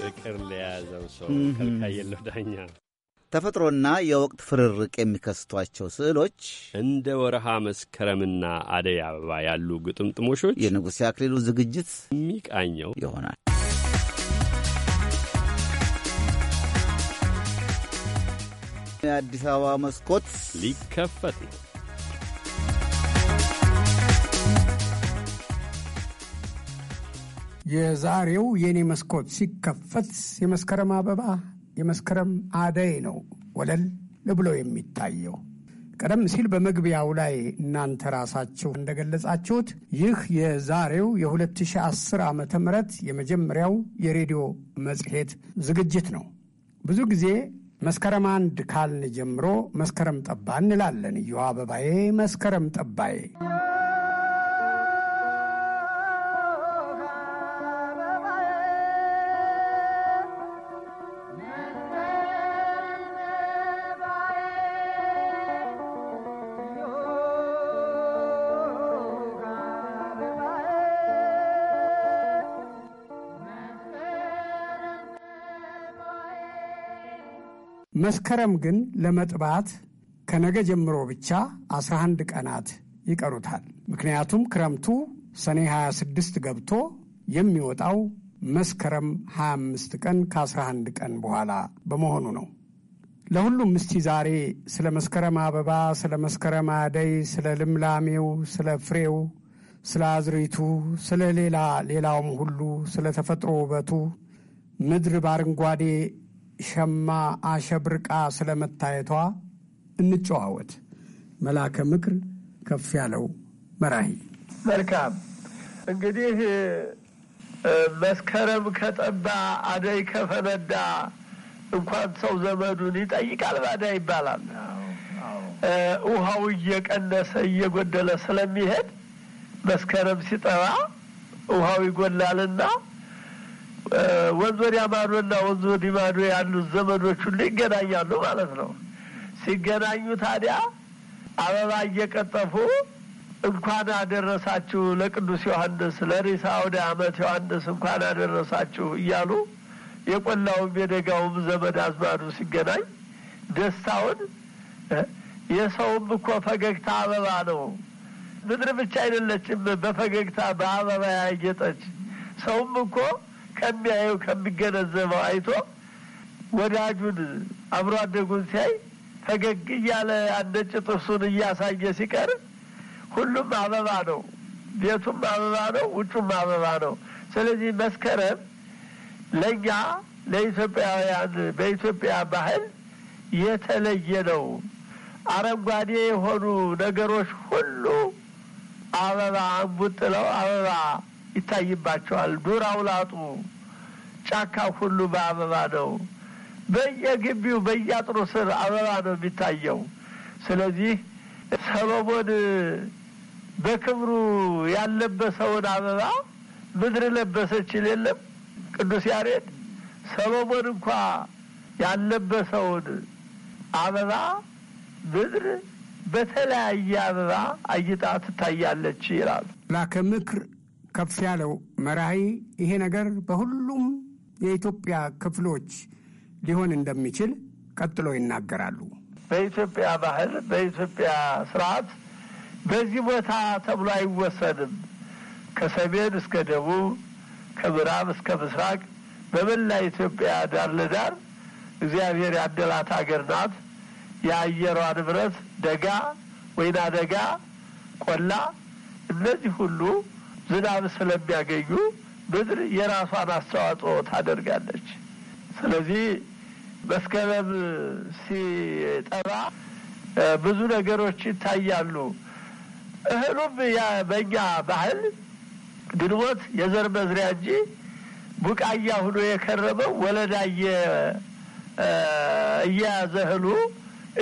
ፍቅር ለያዘው ሰው የለው ዳኛ ተፈጥሮና የወቅት ፍርርቅ የሚከስቷቸው ስዕሎች እንደ ወረሃ መስከረምና አደይ አበባ ያሉ ግጥምጥሞሾች የንጉሴ አክሊሉ ዝግጅት የሚቃኘው ይሆናል። የአዲስ አበባ መስኮት ሊከፈት ነው። የዛሬው የኔ መስኮት ሲከፈት የመስከረም አበባ የመስከረም አደይ ነው ወለል ብሎ የሚታየው። ቀደም ሲል በመግቢያው ላይ እናንተ ራሳችሁ እንደገለጻችሁት ይህ የዛሬው የ2010 ዓ ም የመጀመሪያው የሬዲዮ መጽሔት ዝግጅት ነው። ብዙ ጊዜ መስከረም አንድ ካልን ጀምሮ መስከረም ጠባ እንላለን። እዮሃ አበባዬ መስከረም ጠባዬ መስከረም ግን ለመጥባት ከነገ ጀምሮ ብቻ 11 ቀናት ይቀሩታል። ምክንያቱም ክረምቱ ሰኔ 26 ገብቶ የሚወጣው መስከረም 25 ቀን ከ11 ቀን በኋላ በመሆኑ ነው። ለሁሉም እስቲ ዛሬ ስለ መስከረም አበባ፣ ስለ መስከረም አደይ፣ ስለ ልምላሜው፣ ስለ ፍሬው፣ ስለ አዝሪቱ፣ ስለ ሌላ ሌላውም ሁሉ ስለ ተፈጥሮ ውበቱ ምድር በአረንጓዴ ሸማ አሸብርቃ ስለመታየቷ እንጨዋወት። መላከ ምክር ከፍ ያለው መራሂ መልካም እንግዲህ መስከረም ከጠባ አደይ ከፈነዳ እንኳን ሰው ዘመዱን ይጠይቃል ባዳ ይባላል። ውሃው እየቀነሰ እየጎደለ ስለሚሄድ መስከረም ሲጠባ ውሃው ይጎላልና ወንዝ ወዲያ ማዶ ወንዝ ወዲህ ማዶ ያሉት ዘመዶች ሁሉ ይገናኛሉ ማለት ነው። ሲገናኙ ታዲያ አበባ እየቀጠፉ እንኳን አደረሳችሁ ለቅዱስ ዮሐንስ ለሪሳ ወደ አመት ዮሐንስ እንኳን አደረሳችሁ እያሉ የቆላውም የደጋውም ዘመድ አዝማዱ ሲገናኝ ደስታውን የሰውም እኮ ፈገግታ አበባ ነው። ምድር ብቻ አይደለችም በፈገግታ በአበባ ያጌጠች። ሰውም እኮ ከሚያየው ከሚገነዘበው አይቶ ወዳጁን አብሮ አደጉን ሲያይ ፈገግ እያለ አነጭ ጥርሱን እያሳየ ሲቀር ሁሉም አበባ ነው። ቤቱም አበባ ነው፣ ውጩም አበባ ነው። ስለዚህ መስከረም ለእኛ ለኢትዮጵያውያን በኢትዮጵያ ባህል የተለየ ነው። አረንጓዴ የሆኑ ነገሮች ሁሉ አበባ አንቡጥለው አበባ ይታይባቸዋል። ዱር አውላጡ ጫካው ሁሉ በአበባ ነው። በየግቢው በየአጥሩ ስር አበባ ነው የሚታየው። ስለዚህ ሰሎሞን በክብሩ ያለበሰውን አበባ ምድር ለበሰች የለም ቅዱስ ያሬድ። ሰሎሞን እንኳ ያለበሰውን አበባ ምድር በተለያየ አበባ አጊጣ ትታያለች ይላሉ። ላከ ምክር ከፍ ያለው መራሂ ይሄ ነገር በሁሉም የኢትዮጵያ ክፍሎች ሊሆን እንደሚችል ቀጥሎ ይናገራሉ። በኢትዮጵያ ባህል፣ በኢትዮጵያ ስርዓት በዚህ ቦታ ተብሎ አይወሰድም ከሰሜን እስከ ደቡብ፣ ከምዕራብ እስከ ምስራቅ በመላ ኢትዮጵያ ዳር ለዳር እግዚአብሔር ያደላት ሀገር ናት። የአየሯ ንብረት ደጋ፣ ወይና ደጋ፣ ቆላ እነዚህ ሁሉ ዝናብ ስለሚያገኙ ምድር የራሷን አስተዋጽኦ ታደርጋለች። ስለዚህ መስከረም ሲጠራ ብዙ ነገሮች ይታያሉ። እህሉም በእኛ ባህል ግንቦት የዘር መዝሪያ እንጂ ቡቃያ ሁኖ የከረመው ወለዳ እየያዘ እህሉ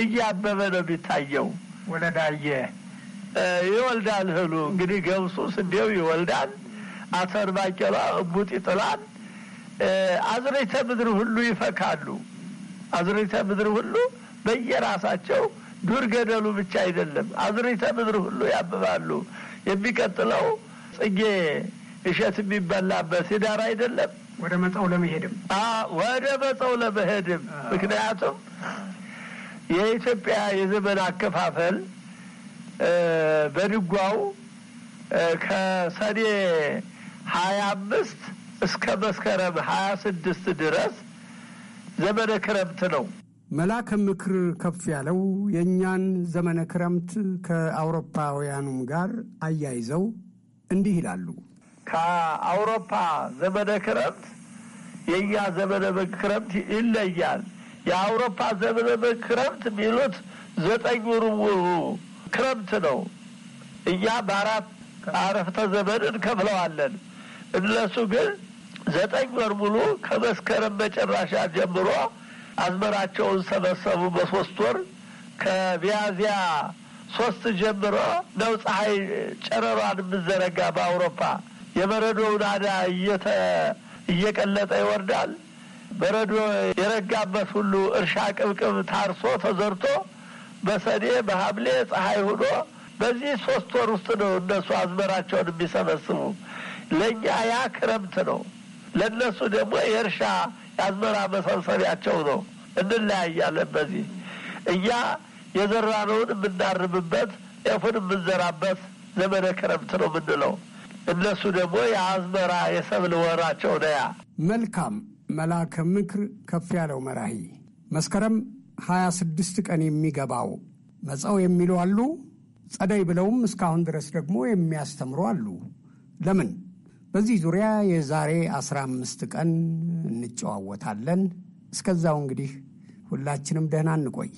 እያበበ ነው የሚታየው ወለዳየ ይወልዳል። እህሉ እንግዲህ ገብሱ፣ ስንዴው ይወልዳል። አተር፣ ባቄላ፣ እቡጥ ይጥላል። አዝሬተ ምድር ሁሉ ይፈካሉ። አዝሬተ ምድር ሁሉ በየራሳቸው ዱር ገደሉ ብቻ አይደለም፣ አዝሬተ ምድር ሁሉ ያብባሉ። የሚቀጥለው ጽጌ እሸት የሚበላበት ሲዳር አይደለም ወደ መጠው ለመሄድም ወደ መጠው ለመሄድም ምክንያቱም የኢትዮጵያ የዘመን አከፋፈል በድጓው ከሰኔ ሀያ አምስት እስከ መስከረም ሀያ ስድስት ድረስ ዘመነ ክረምት ነው። መላከ ምክር ከፍ ያለው የእኛን ዘመነ ክረምት ከአውሮፓውያኑም ጋር አያይዘው እንዲህ ይላሉ። ከአውሮፓ ዘመነ ክረምት የእኛ ዘመነ ክረምት ይለያል። የአውሮፓ ዘመነ ክረምት የሚሉት ዘጠኝ ውርውሩ ክረምት ነው። እኛ በአራት አረፍተ ዘመን እንከፍለዋለን። እነሱ ግን ዘጠኝ ወር ሙሉ ከመስከረም መጨረሻ ጀምሮ አዝመራቸውን ሰበሰቡ። በሶስት ወር ከቢያዚያ ሶስት ጀምሮ ነው ፀሐይ ጨረሯን የምዘረጋ በአውሮፓ የበረዶውን አዳ እየቀለጠ ይወርዳል። በረዶ የረጋበት ሁሉ እርሻ ቅብቅብ ታርሶ ተዘርቶ በሰኔ በሐምሌ ፀሐይ ሆኖ በዚህ ሶስት ወር ውስጥ ነው እነሱ አዝመራቸውን የሚሰበስቡ። ለእኛ ያ ክረምት ነው፣ ለእነሱ ደግሞ የእርሻ የአዝመራ መሰብሰቢያቸው ነው። እንለያያለን። በዚህ እኛ የዘራነውን የምናርምበት ጤፉን የምንዘራበት ዘመነ ክረምት ነው የምንለው። እነሱ ደግሞ የአዝመራ የሰብል ወራቸው ነያ። መልካም መልአከ ምክር ከፍ ያለው መራሂ መስከረም ስድስት ቀን የሚገባው መጸው የሚሉ አሉ። ጸደይ ብለውም እስካሁን ድረስ ደግሞ የሚያስተምሩ አሉ። ለምን በዚህ ዙሪያ የዛሬ አምስት ቀን እንጨዋወታለን። እስከዛው እንግዲህ ሁላችንም ደህና እንቆይ።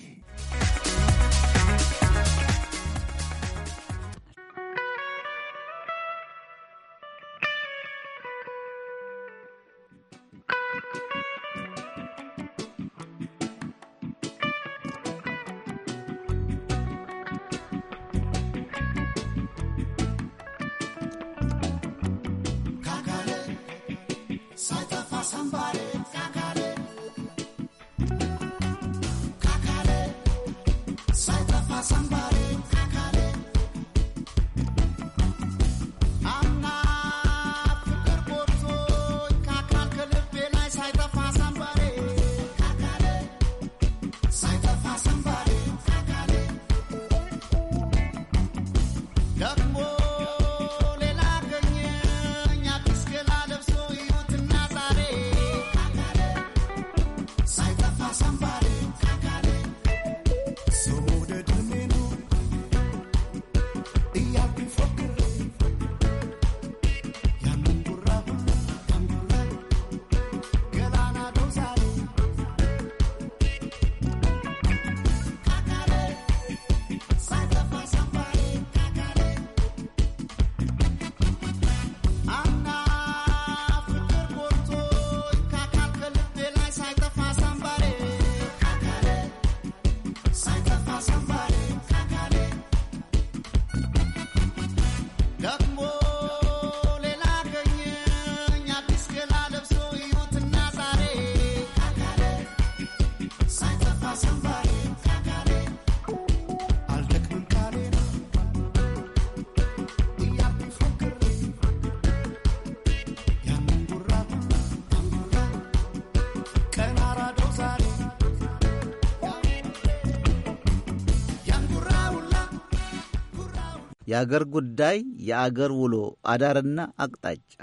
የአገር ጉዳይ የአገር ውሎ አዳርና አቅጣጫ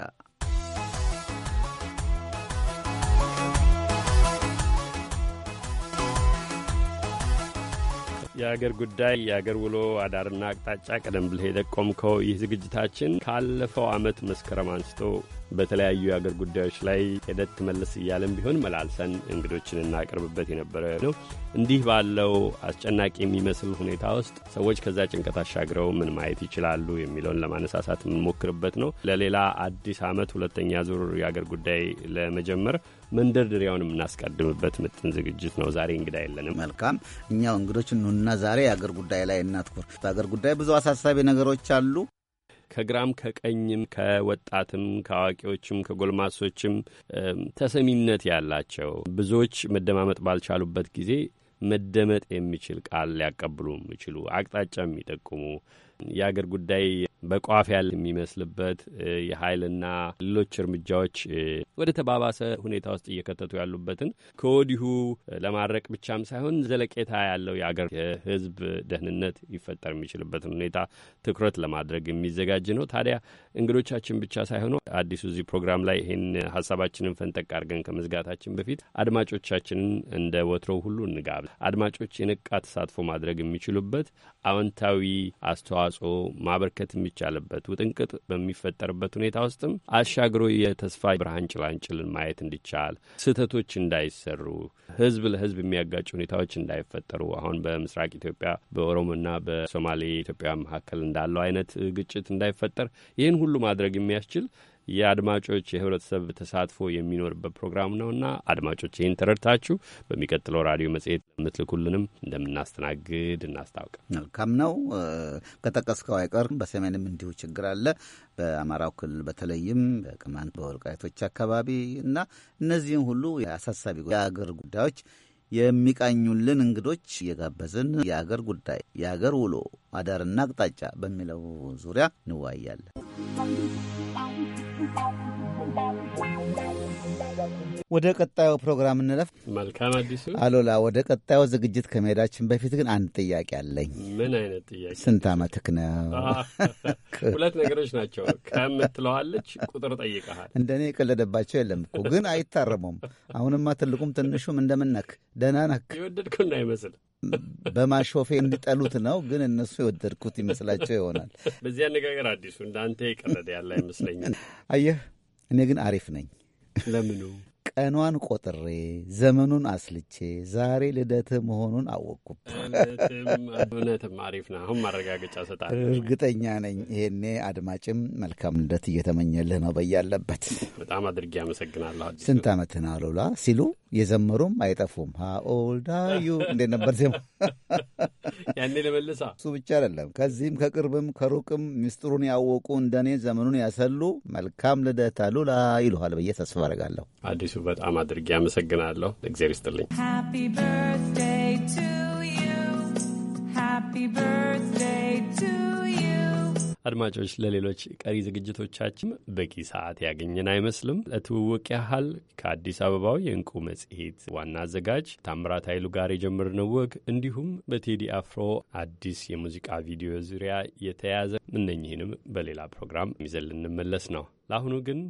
የአገር ጉዳይ የአገር ውሎ አዳርና አቅጣጫ ቀደም ብለህ የጠቆምከው ይህ ዝግጅታችን ካለፈው ዓመት መስከረም አንስቶ በተለያዩ የአገር ጉዳዮች ላይ ሄደት መለስ እያለን ቢሆን መላልሰን እንግዶችን እናቀርብበት የነበረ ነው። እንዲህ ባለው አስጨናቂ የሚመስል ሁኔታ ውስጥ ሰዎች ከዛ ጭንቀት አሻግረው ምን ማየት ይችላሉ የሚለውን ለማነሳሳት የምንሞክርበት ነው። ለሌላ አዲስ ዓመት ሁለተኛ ዙር የአገር ጉዳይ ለመጀመር መንደርደሪያውን የምናስቀድምበት ምጥን ዝግጅት ነው። ዛሬ እንግዳ የለንም። መልካም እኛው እንግዶች ኑና ዛሬ የአገር ጉዳይ ላይ እናትኩር። በአገር ጉዳይ ብዙ አሳሳቢ ነገሮች አሉ። ከግራም ከቀኝም ከወጣትም ከአዋቂዎችም ከጎልማሶችም ተሰሚነት ያላቸው ብዙዎች መደማመጥ ባልቻሉበት ጊዜ መደመጥ የሚችል ቃል ሊያቀብሉ የሚችሉ አቅጣጫ የሚጠቁሙ የአገር ጉዳይ በቋፍ ያለ የሚመስልበት የኃይልና ሌሎች እርምጃዎች ወደ ተባባሰ ሁኔታ ውስጥ እየከተቱ ያሉበትን ከወዲሁ ለማድረቅ ብቻም ሳይሆን ዘለቄታ ያለው የአገር የሕዝብ ደህንነት ይፈጠር የሚችልበትን ሁኔታ ትኩረት ለማድረግ የሚዘጋጅ ነው። ታዲያ እንግዶቻችን ብቻ ሳይሆኑ አዲሱ እዚህ ፕሮግራም ላይ ይህን ሀሳባችንን ፈንጠቅ አድርገን ከመዝጋታችን በፊት አድማጮቻችንን እንደ ወትሮው ሁሉ እንጋብ አድማጮች የነቃ ተሳትፎ ማድረግ የሚችሉበት አዎንታዊ አስተዋጽኦ ማበርከት በሚቻልበት ውጥንቅጥ በሚፈጠርበት ሁኔታ ውስጥም አሻግሮ የተስፋ ብርሃን ጭላንጭልን ማየት እንዲቻል ስህተቶች እንዳይሰሩ፣ ህዝብ ለህዝብ የሚያጋጭ ሁኔታዎች እንዳይፈጠሩ አሁን በምስራቅ ኢትዮጵያ በኦሮሞና በሶማሌ ኢትዮጵያ መካከል እንዳለው አይነት ግጭት እንዳይፈጠር ይህን ሁሉ ማድረግ የሚያስችል የአድማጮች የህብረተሰብ ተሳትፎ የሚኖርበት ፕሮግራም ነውና አድማጮች ይህን ተረድታችሁ በሚቀጥለው ራዲዮ መጽሔት የምትልኩልንም እንደምናስተናግድ እናስታውቅ። መልካም ነው። ከጠቀስከው አይቀር በሰሜንም እንዲሁ ችግር አለ። በአማራው ክልል በተለይም በቅማንት በወልቃይቶች አካባቢ እና እነዚህም ሁሉ የአሳሳቢ የአገር ጉዳዮች የሚቃኙልን እንግዶች እየጋበዝን የአገር ጉዳይ የአገር ውሎ አዳርና አቅጣጫ በሚለው ዙሪያ እንወያያለን። ወደ ቀጣዩ ፕሮግራም እንለፍ። መልካም አዲሱ አሎላ፣ ወደ ቀጣዩ ዝግጅት ከመሄዳችን በፊት ግን አንድ ጥያቄ አለኝ። ምን አይነት ጥያቄ? ስንት አመትክ ነው? ሁለት ነገሮች ናቸው ከምትለዋለች ቁጥር ጠይቀሃል። እንደኔ የቀለደባቸው የለም እኮ ግን አይታረሙም። አሁንማ ትልቁም ትንሹም እንደምነክ ደህና ነክ የወደድኩ እንዳይመስል በማሾፌ እንዲጠሉት ነው። ግን እነሱ የወደድኩት ይመስላቸው ይሆናል። በዚህ አነጋገር አዲሱ እንዳንተ የቀረደ ያለ አይመስለኛል። አየህ፣ እኔ ግን አሪፍ ነኝ። ለምኑ ቀኗን ቆጥሬ ዘመኑን አስልቼ ዛሬ ልደትህ መሆኑን አወቅኩት። እውነትም አሪፍ ነው። አሁን ማረጋገጫ ሰጣለሁ። እርግጠኛ ነኝ። ይሄኔ አድማጭም መልካም ልደት እየተመኘልህ ነው በያለበት። በጣም አድርጌ አመሰግናለሁ። ስንት ዓመትህ ነው አሉላ ሲሉ የዘመሩም አይጠፉም። ሀኦልዳዩ እንዴት ነበር ዜማ ያኔ ለመልሳ እሱ ብቻ አይደለም። ከዚህም ከቅርብም ከሩቅም ሚስጥሩን ያወቁ እንደኔ ዘመኑን ያሰሉ መልካም ልደት አሉላ ይሉሃል ብዬ ተስፋ አደርጋለሁ አዲሱ በጣም አድርጌ አመሰግናለሁ። እግዜር ይስጥልኝ። አድማጮች ለሌሎች ቀሪ ዝግጅቶቻችን በቂ ሰዓት ያገኘን አይመስልም። ለትውውቅ ያህል ከአዲስ አበባው የእንቁ መጽሔት ዋና አዘጋጅ ታምራት ኃይሉ ጋር የጀመርነው ወግ እንዲሁም በቴዲ አፍሮ አዲስ የሙዚቃ ቪዲዮ ዙሪያ የተያዘ እነኚህንም በሌላ ፕሮግራም ይዘን ልንመለስ ነው። ለአሁኑ ግን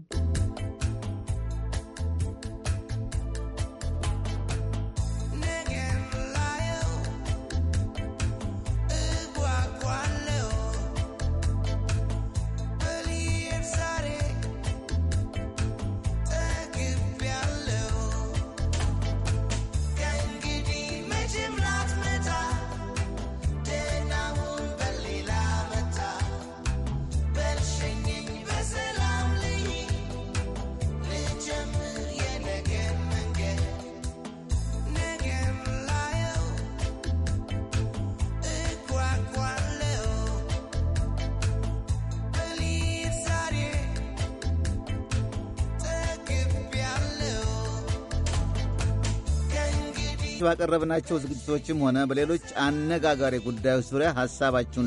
ባቀረብናቸው ዝግጅቶችም ሆነ በሌሎች አነጋጋሪ ጉዳዮች ዙሪያ ሐሳባችሁን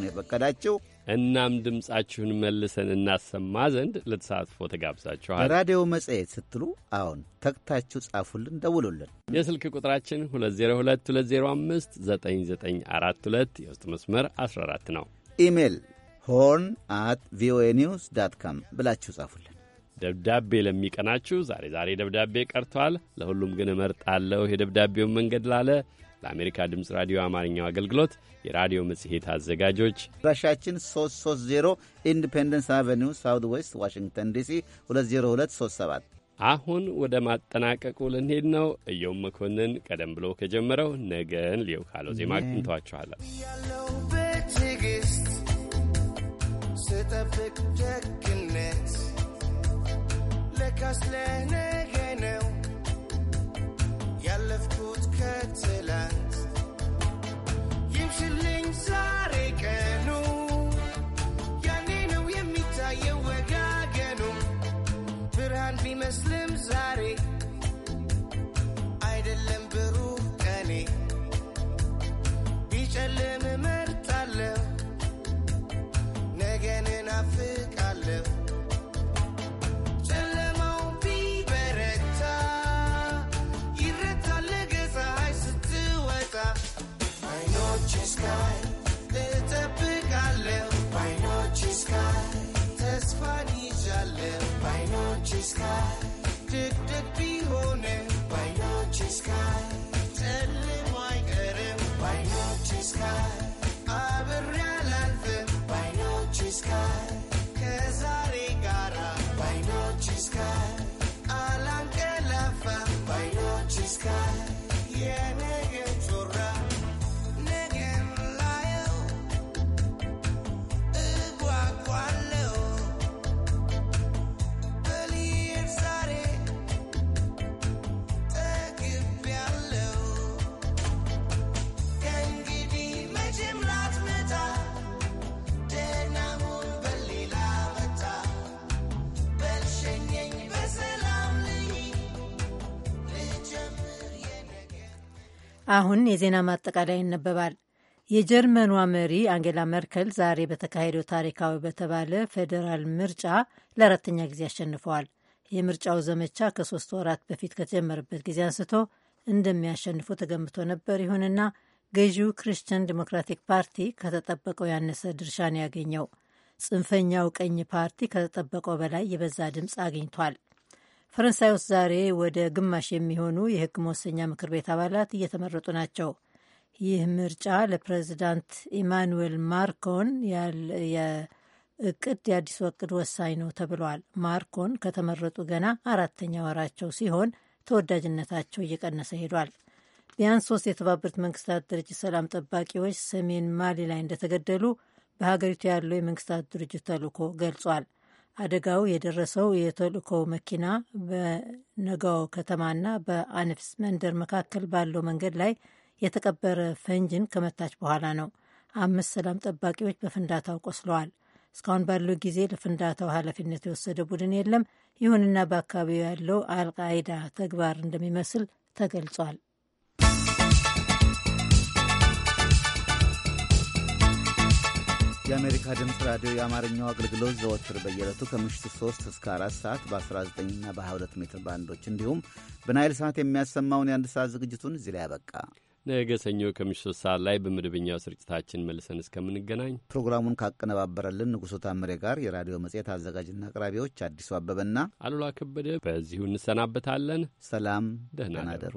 ነው የፈቀዳችሁ እናም ድምፃችሁን መልሰን እናሰማ ዘንድ ለተሳትፎ ተጋብዛችኋል። በራዲዮ መጽሔት ስትሉ አሁን ተግታችሁ ጻፉልን፣ ደውሉልን። የስልክ ቁጥራችን 2022059942 የውስጥ መስመር 14 ነው። ኢሜል ሆርን አት ቪኦኤ ኒውስ ዳት ካም ብላችሁ ጻፉልን። ደብዳቤ ለሚቀናችሁ ዛሬ ዛሬ ደብዳቤ ቀርቷል። ለሁሉም ግን እመርጣለሁ የደብዳቤውን መንገድ ላለ ለአሜሪካ ድምፅ ራዲዮ አማርኛው አገልግሎት የራዲዮ መጽሔት አዘጋጆች አድራሻችን 330 ኢንዲፔንደንስ አቨኒው ሳውት ዌስት ዋሽንግተን ዲሲ 20237። አሁን ወደ ማጠናቀቁ ልንሄድ ነው። እዮም መኮንን ቀደም ብሎ ከጀመረው ነገን ሊው ካለው ዜማ አግኝተዋችኋለን። ያለው በትዕግስት ስጠብቅ ደግነት ለካስ ለነገ ነው ያለፍኩት ከትላንት ይምሽልኝ ዛሬ ቀኑ ያኔ ነው የሚታየው ወጋገኑ ብርሃን ቢመስልም ዛሬ አሁን የዜና ማጠቃለያ ይነበባል። የጀርመኗ መሪ አንጌላ መርከል ዛሬ በተካሄደው ታሪካዊ በተባለ ፌዴራል ምርጫ ለአራተኛ ጊዜ አሸንፈዋል። የምርጫው ዘመቻ ከሶስት ወራት በፊት ከተጀመረበት ጊዜ አንስቶ እንደሚያሸንፉ ተገምቶ ነበር። ይሁንና ገዢው ክርስቲያን ዲሞክራቲክ ፓርቲ ከተጠበቀው ያነሰ ድርሻን ያገኘው። ጽንፈኛው ቀኝ ፓርቲ ከተጠበቀው በላይ የበዛ ድምፅ አግኝቷል። ፈረንሳይ ውስጥ ዛሬ ወደ ግማሽ የሚሆኑ የህግ መወሰኛ ምክር ቤት አባላት እየተመረጡ ናቸው። ይህ ምርጫ ለፕሬዚዳንት ኢማኑዌል ማርኮን እቅድ የአዲሱ እቅድ ወሳኝ ነው ተብሏል። ማርኮን ከተመረጡ ገና አራተኛ ወራቸው ሲሆን ተወዳጅነታቸው እየቀነሰ ሄዷል። ቢያንስ ሶስት የተባበሩት መንግስታት ድርጅት ሰላም ጠባቂዎች ሰሜን ማሊ ላይ እንደተገደሉ በሀገሪቱ ያለው የመንግስታት ድርጅት ተልዕኮ ገልጿል። አደጋው የደረሰው የተልእኮ መኪና በነጋው ከተማና በአንፍስ መንደር መካከል ባለው መንገድ ላይ የተቀበረ ፈንጅን ከመታች በኋላ ነው። አምስት ሰላም ጠባቂዎች በፍንዳታው ቆስለዋል። እስካሁን ባለው ጊዜ ለፍንዳታው ኃላፊነት የወሰደ ቡድን የለም። ይሁንና በአካባቢው ያለው አልቃይዳ ተግባር እንደሚመስል ተገልጿል። የአሜሪካ ድምፅ ራዲዮ የአማርኛው አገልግሎት ዘወትር በየዕለቱ ከምሽቱ 3 እስከ 4 ሰዓት በ19ና በ22 ሜትር ባንዶች እንዲሁም በናይል ሰዓት የሚያሰማውን የአንድ ሰዓት ዝግጅቱን እዚህ ላይ ያበቃ። ነገ ሰኞ ከምሽቱ ሰዓት ላይ በመደበኛው ስርጭታችን መልሰን እስከምንገናኝ ፕሮግራሙን ካቀነባበረልን ንጉሶ ታምሬ ጋር የራዲዮ መጽሔት አዘጋጅና አቅራቢዎች አዲሱ አበበና አሉላ ከበደ በዚሁ እንሰናበታለን። ሰላም፣ ደህና አደሩ።